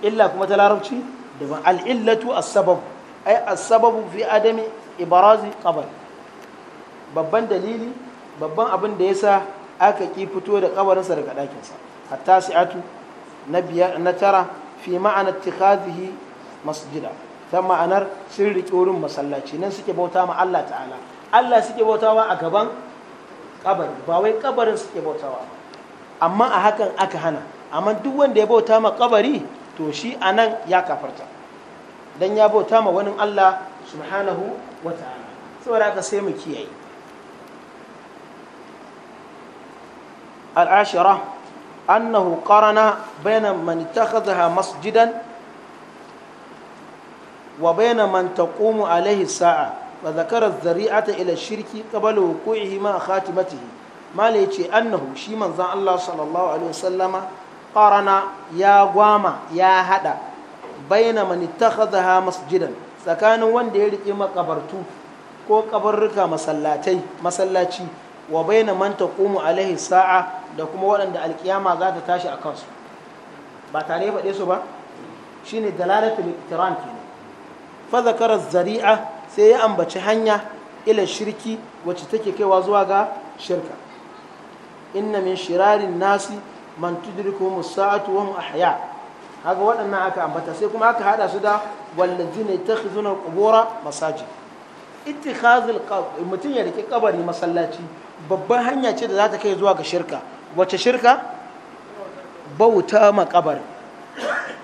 illa kuma ta larabci daban al'illatu as-sabab ai as-sababu fi adami ibarazi qabr babban dalili babban abin da yasa aka ki fito da kabarinsa daga ɗakinsa hatta si'atu na tara fi ma'anar tikhadihi masjida ta ma'anar sun riƙe wurin masallaci nan suke bauta ma Allah ta'ala Allah suke bautawa a gaban kabari ba wai kabarin suke bautawa ba amma a hakan aka hana amma duk wanda ya bauta ma kabari to shi a nan ya kafarta don ya bauta ma wani Allah subhanahu wa ta'ala saboda aka sai mu kiyaye al'ashira annahu qarana baina man ittakhadha masjidan wa baina man taqumu alayhi sa'a wa dhakara adh-dhari'ata ila ash-shirki qabla wuqu'ihi ma khatimatihi mala ya ce annahu shi manzan Allah sallallahu alaihi wasallama ya gwama ya hada baina ta hazaha masjidan tsakanin wanda ya rike makabartu ko kabarruka masallatai masallaci wa baina man taqumu alaihi sa'a da kuma waɗanda alkiyama za ta tashi a kansu ba tare ya faɗe su ba shine dalalatul iqtiran kenan zari'a sai ya ambaci hanya ila shirki wacce take kaiwa zuwa ga shirka inna min shirarin nasi man tudrikum as-sa'atu wa hum ahya haka waɗannan aka ambata sai kuma aka hada su da ne ta al-qubura masajid ittikhazul qabr mutum ya rike kabari masallaci babban hanya ce da za ta kai zuwa ga shirka wace shirka bauta ma kabari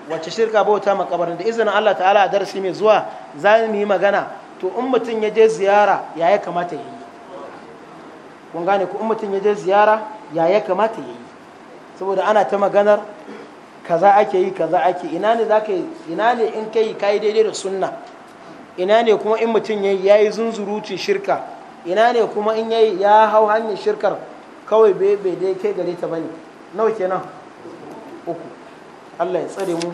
wace shirka bauta ma kabarin da izinin Allah ta'ala a darasi mai zuwa za mu yi magana to in mutum ya je ziyara ya ya kamata yi kun gane ko in mutum ya je ziyara ya ya kamata ya yi saboda ana ta maganar kaza ake yi kaza ake ina ne zaka ina ne in kai kai daidai da sunna ina ne kuma in mutum yayi yayi zunzuruci shirka ina ne kuma in yayi ya hau hanyar shirkar kawai bai bai dai kai gare ta bane nawa kenan uku Allah ya tsare mu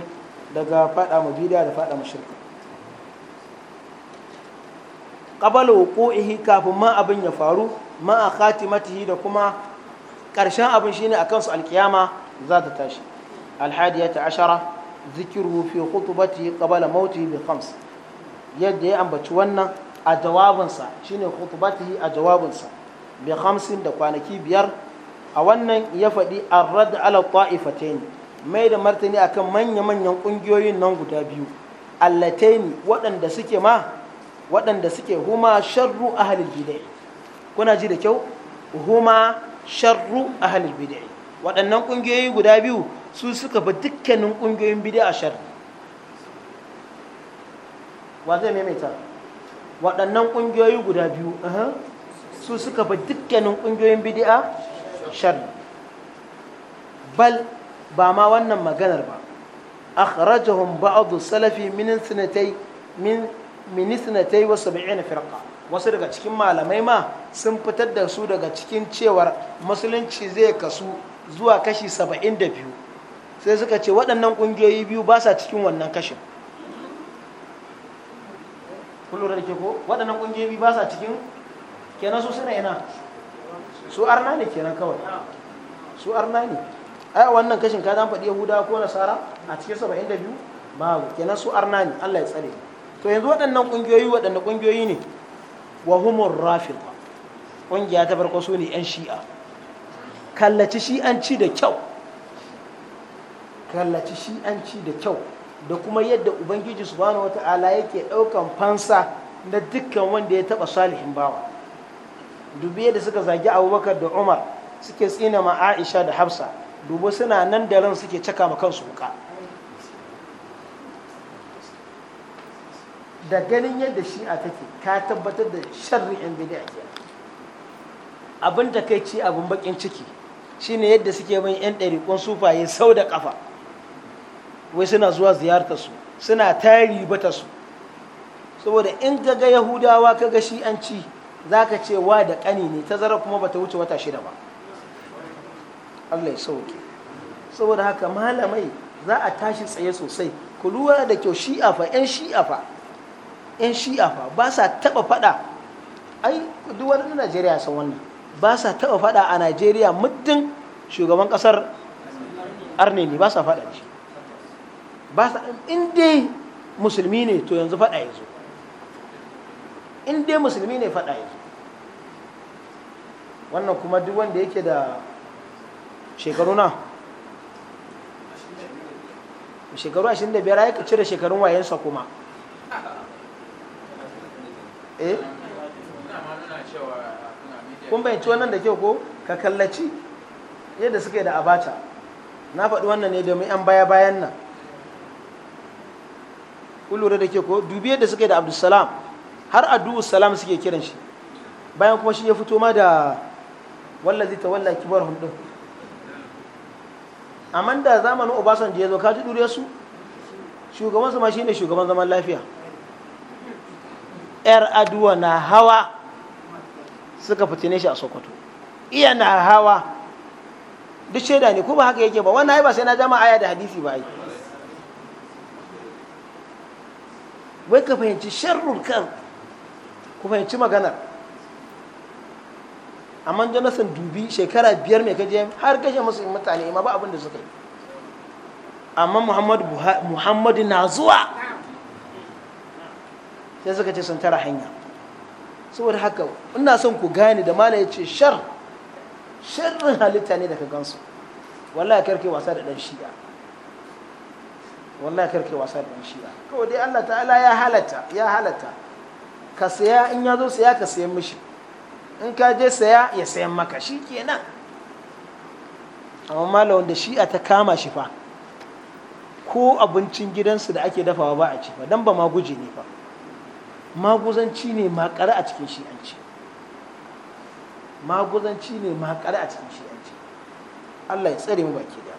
daga fada mu bid'a da fada mu shirka qabala wuqu'ihi kafin ma abin ya faru ma a khatimatihi da kuma ƙarshen abin shine a kansu alkiyama za ta tashi alhadiyata ashara zikiru fi khutubati qabla mauti bi khams yadda ya ambaci wannan a jawabinsa shine khutubati a jawabinsa bi khamsin da kwanaki biyar a wannan ya faɗi arrad ala ta'ifatain mai da martani akan manya-manyan ƙungiyoyin nan guda biyu allataini waɗanda suke ma waɗanda suke huma sharru ahalil bidai kuna ji da kyau huma sharru ahlul bid'i waɗannan ƙungiyoyi guda biyu su suka fi dukkanin ƙungiyoyin bid'a sharri wa zai maimaita waɗannan ƙungiyoyi guda biyu su suka dukkanin ƙungiyoyin bid'a sharri bal ba ma wannan maganar ba akhrajahum ba'd salafi min sanatai min min sanatai wa 70 firqa wasu daga cikin malamai ma sun fitar da su daga cikin cewar musulunci zai kasu zuwa kashi saba'in da biyu sai suka ce waɗannan ƙungiyoyi biyu ba sa cikin wannan kashin kullum da ke ko waɗannan ƙungiyoyi biyu ba sa cikin kenan su suna ina su arna ne kenan kawai su arna ne ai wannan kashin ka zan faɗi yahuda ko nasara a cikin saba'in da biyu babu kenan su arna ne allah ya tsare to yanzu waɗannan ƙungiyoyi waɗannan ƙungiyoyi ne wa humur ƙungiya ta farko su ne 'yan shi'a kallaci shi'anci da kyau kallaci shi'anci da kyau da kuma yadda ubangiji wata ala yake ɗaukan fansa na dukkan wanda ya taɓa salihin bawa dubi yadda suka zagi abubakar da umar suke tsina ma aisha da hafsa dubu suna nan da ran suke caka ma kansu wuka da ganin yadda shi'a take ka tabbatar da sharri yan a ke abin da kai ci abin bakin ciki shine yadda suke bin yan ɗariƙon sufaye sau da ƙafa wai suna zuwa ziyartar su suna tari bata su saboda in ga yahudawa ka ga shi'anci ka ce wa da ƙani ne zara kuma bata wuce wata shida ba Allah ya sauke saboda haka malamai za a tashi tsaye sosai kuluwa da kyau shi'a fa yan shi'a fa 'yan shi'a fa ba sa taɓa faɗa ai duk wani na najeriya san wannan ba sa taɓa faɗa a najeriya muddin shugaban ƙasar arne ne ba sa faɗa shi ba sa in dai musulmi ne to yanzu faɗa ya zo in dai musulmi ne faɗa ya zo wannan kuma duk wanda yake da shekaru na shekaru 25 ya ka cire shekarun wayensa kuma eh kun bayanci wannan da kyau ko ka kallaci yadda suke da abaca na faɗi wannan ne domin yan baya bayan nan kun lura da ke ko dubi yadda suke da abdulsalam har addu'u salam suke kiran shi bayan kuma shi ya fito ma da wallazi ta walla kibar hundun amma da zamanin obasanjo ya zo ka ji ɗuriyarsu shugabansu ma shine shugaban zaman lafiya 'yar aduwa na hawa suka fitine shi a sokoto iya na hawa duk shaida ne ko ba haka yake ba wannan ai ba sai na jama aya da hadisi ba ai wai ka fahimci sharrul kan ku fahimci maganar amma jonathan dubi shekara biyar mai kaje har kashe musu mutane ma ba abin da suka yi amma muhammadu na zuwa sai suka ce sun tara hanya saboda haka ina son ku gane da mana ya ce shar shirin halitta ne daga gansu wallahi karke wasa da dan shi'a wallahi karke wasa da dan shi'a kawai dai Allah ta'ala ya halatta ya halatta ka saya in ya zo saya ka sayan mishi in ka je saya ya sayan maka shi kenan amma malamin wanda shi'a ta kama shi fa ko abincin gidansu da ake dafawa ba a ci fa dan ba ma guje ne fa maguzanci ne makare a cikin shi'anci maguzanci ne makare a cikin shi'anci Allah ya tsare mu baki da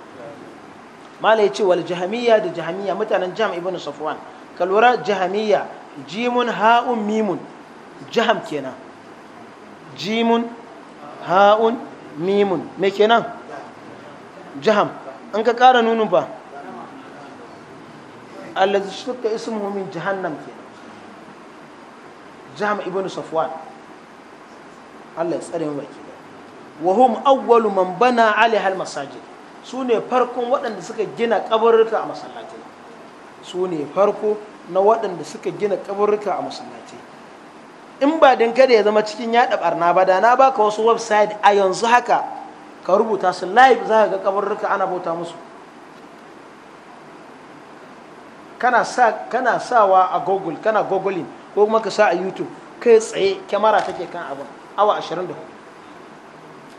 mala ya ce wal jahamiyya da jahamiyya mutanen jam ibn safwan ka lura jahamiyya jimun ha'un mimun jaham kenan jimun ha'un mimun me kenan jaham an ka kara nunu ba allazi shukka ismuhu min jahannam kenan jami ibn safwan Allah ya tsare mu baki wa hum awwalu man bana alaiha masajid su suka gina a su ne farko na waɗanda suka gina kabarruka a masallatai in ba dan kada ya zama cikin yaɗa barna ba da na baka wasu website a yanzu haka ka rubuta su live za ka ga kabarruka ana bauta musu kana sa kana sawa a google kana googling ko kuma ka sa a youtube kai tsaye kyamara take kan abin awa 24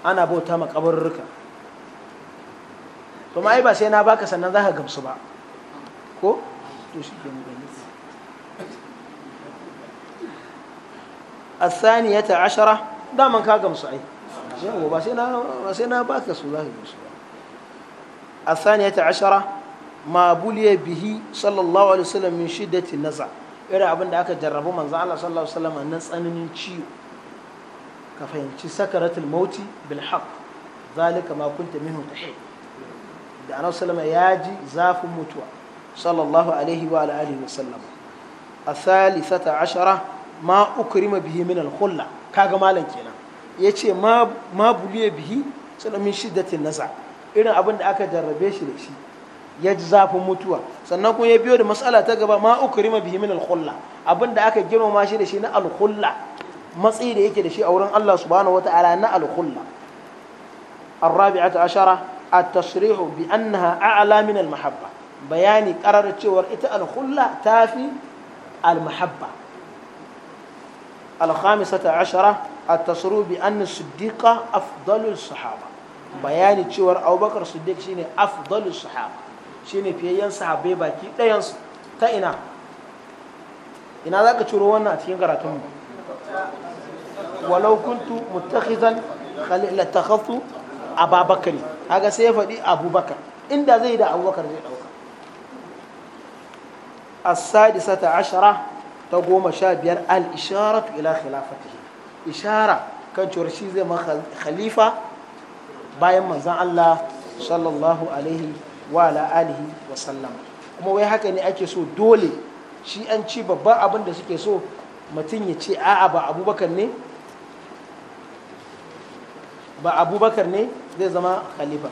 ana bauta ma kabarurruka to ma ai ba sai na baka sannan za ka gamsu ba ko to shi ke gani الثانية عشرة دائما كاغم صعي وبسينا وبسينا باك الله يوسف الثانية عشرة ما بلي به صلى الله عليه وسلم من شدة النزع irin abin da aka jarrabu manzan Allah sallallahu alaihi wasallam na tsananin ciwo ka fahimci sakaratul mauti bil haqq zalika ma kunta minhu tahid da annabi sallallahu ya ji zafin mutuwa sallallahu alaihi wa alihi wasallam asalithata ashara ma ukrima bihi min al khulla kaga malam kenan yace ma ma buliye bihi sallallahu min shiddatin nasa irin abin da aka jarrabe shi da shi ya ji zafin mutuwa sannan kuma ya biyo da matsala ta gaba ma rima bihi min al-khulla abinda aka girmama shi da shi na al-khulla matsayi da yake da shi a wurin Allah subhanahu wata'ala na al-khulla الرابعة عشرة التصريح بأنها أعلى من cewa بياني قرر تشور إتا الخلة تافي المحبة الخامسة عشرة التصريح بأن الصديق أفضل الصحابة بياني تشور أو بكر الصديق شيني أفضل الصحابة shine fiyayyen sahabbai baki ɗayansu ta ina ina za ka ciro wannan a cikin karatunmu walau kuntu mutakhizan latakhaftu ababakari haka sai ya faɗi abubakar inda zai da abubakar zai ɗauka as-sadisata ashara ta goma sha biyar al-isharatu ila khilafatihi ishara kan cewar shi zai ma khalifa bayan manzon Allah sallallahu alaihi wa ala alihi wa sallam kuma wai haka ne ake so dole shi an ci babban abin da suke so mutum ya ce a'a ba abubakar ne ba abubakar ne zai zama khalifa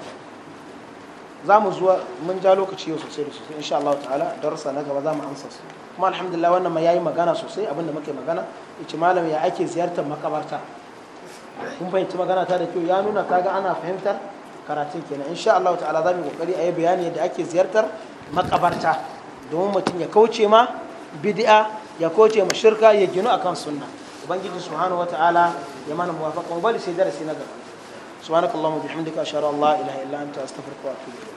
za mu zuwa mun ja lokaci yau sosai da sosai insha Allah ta'ala darussa na gaba za mu amsa su kuma alhamdulillah wannan ma yayi magana sosai abinda muke magana ice malam ya ake ziyartar makabarta kun fahimci magana ta da kyau ya nuna kaga ana fahimtar karatun kenan insha Allah ta'ala za mu kokari a yi bayani yadda ake ziyartar makabarta domin mutum ya kauce ma bid'a ya kauce ma shirka ya ginu akan sunna ubangiji subhanahu wa ta'ala ya mana muwafaqa mu bari sai darasi na gaba subhanakallahumma bihamdika ashhadu an la ilaha illa anta astaghfiruka wa atubu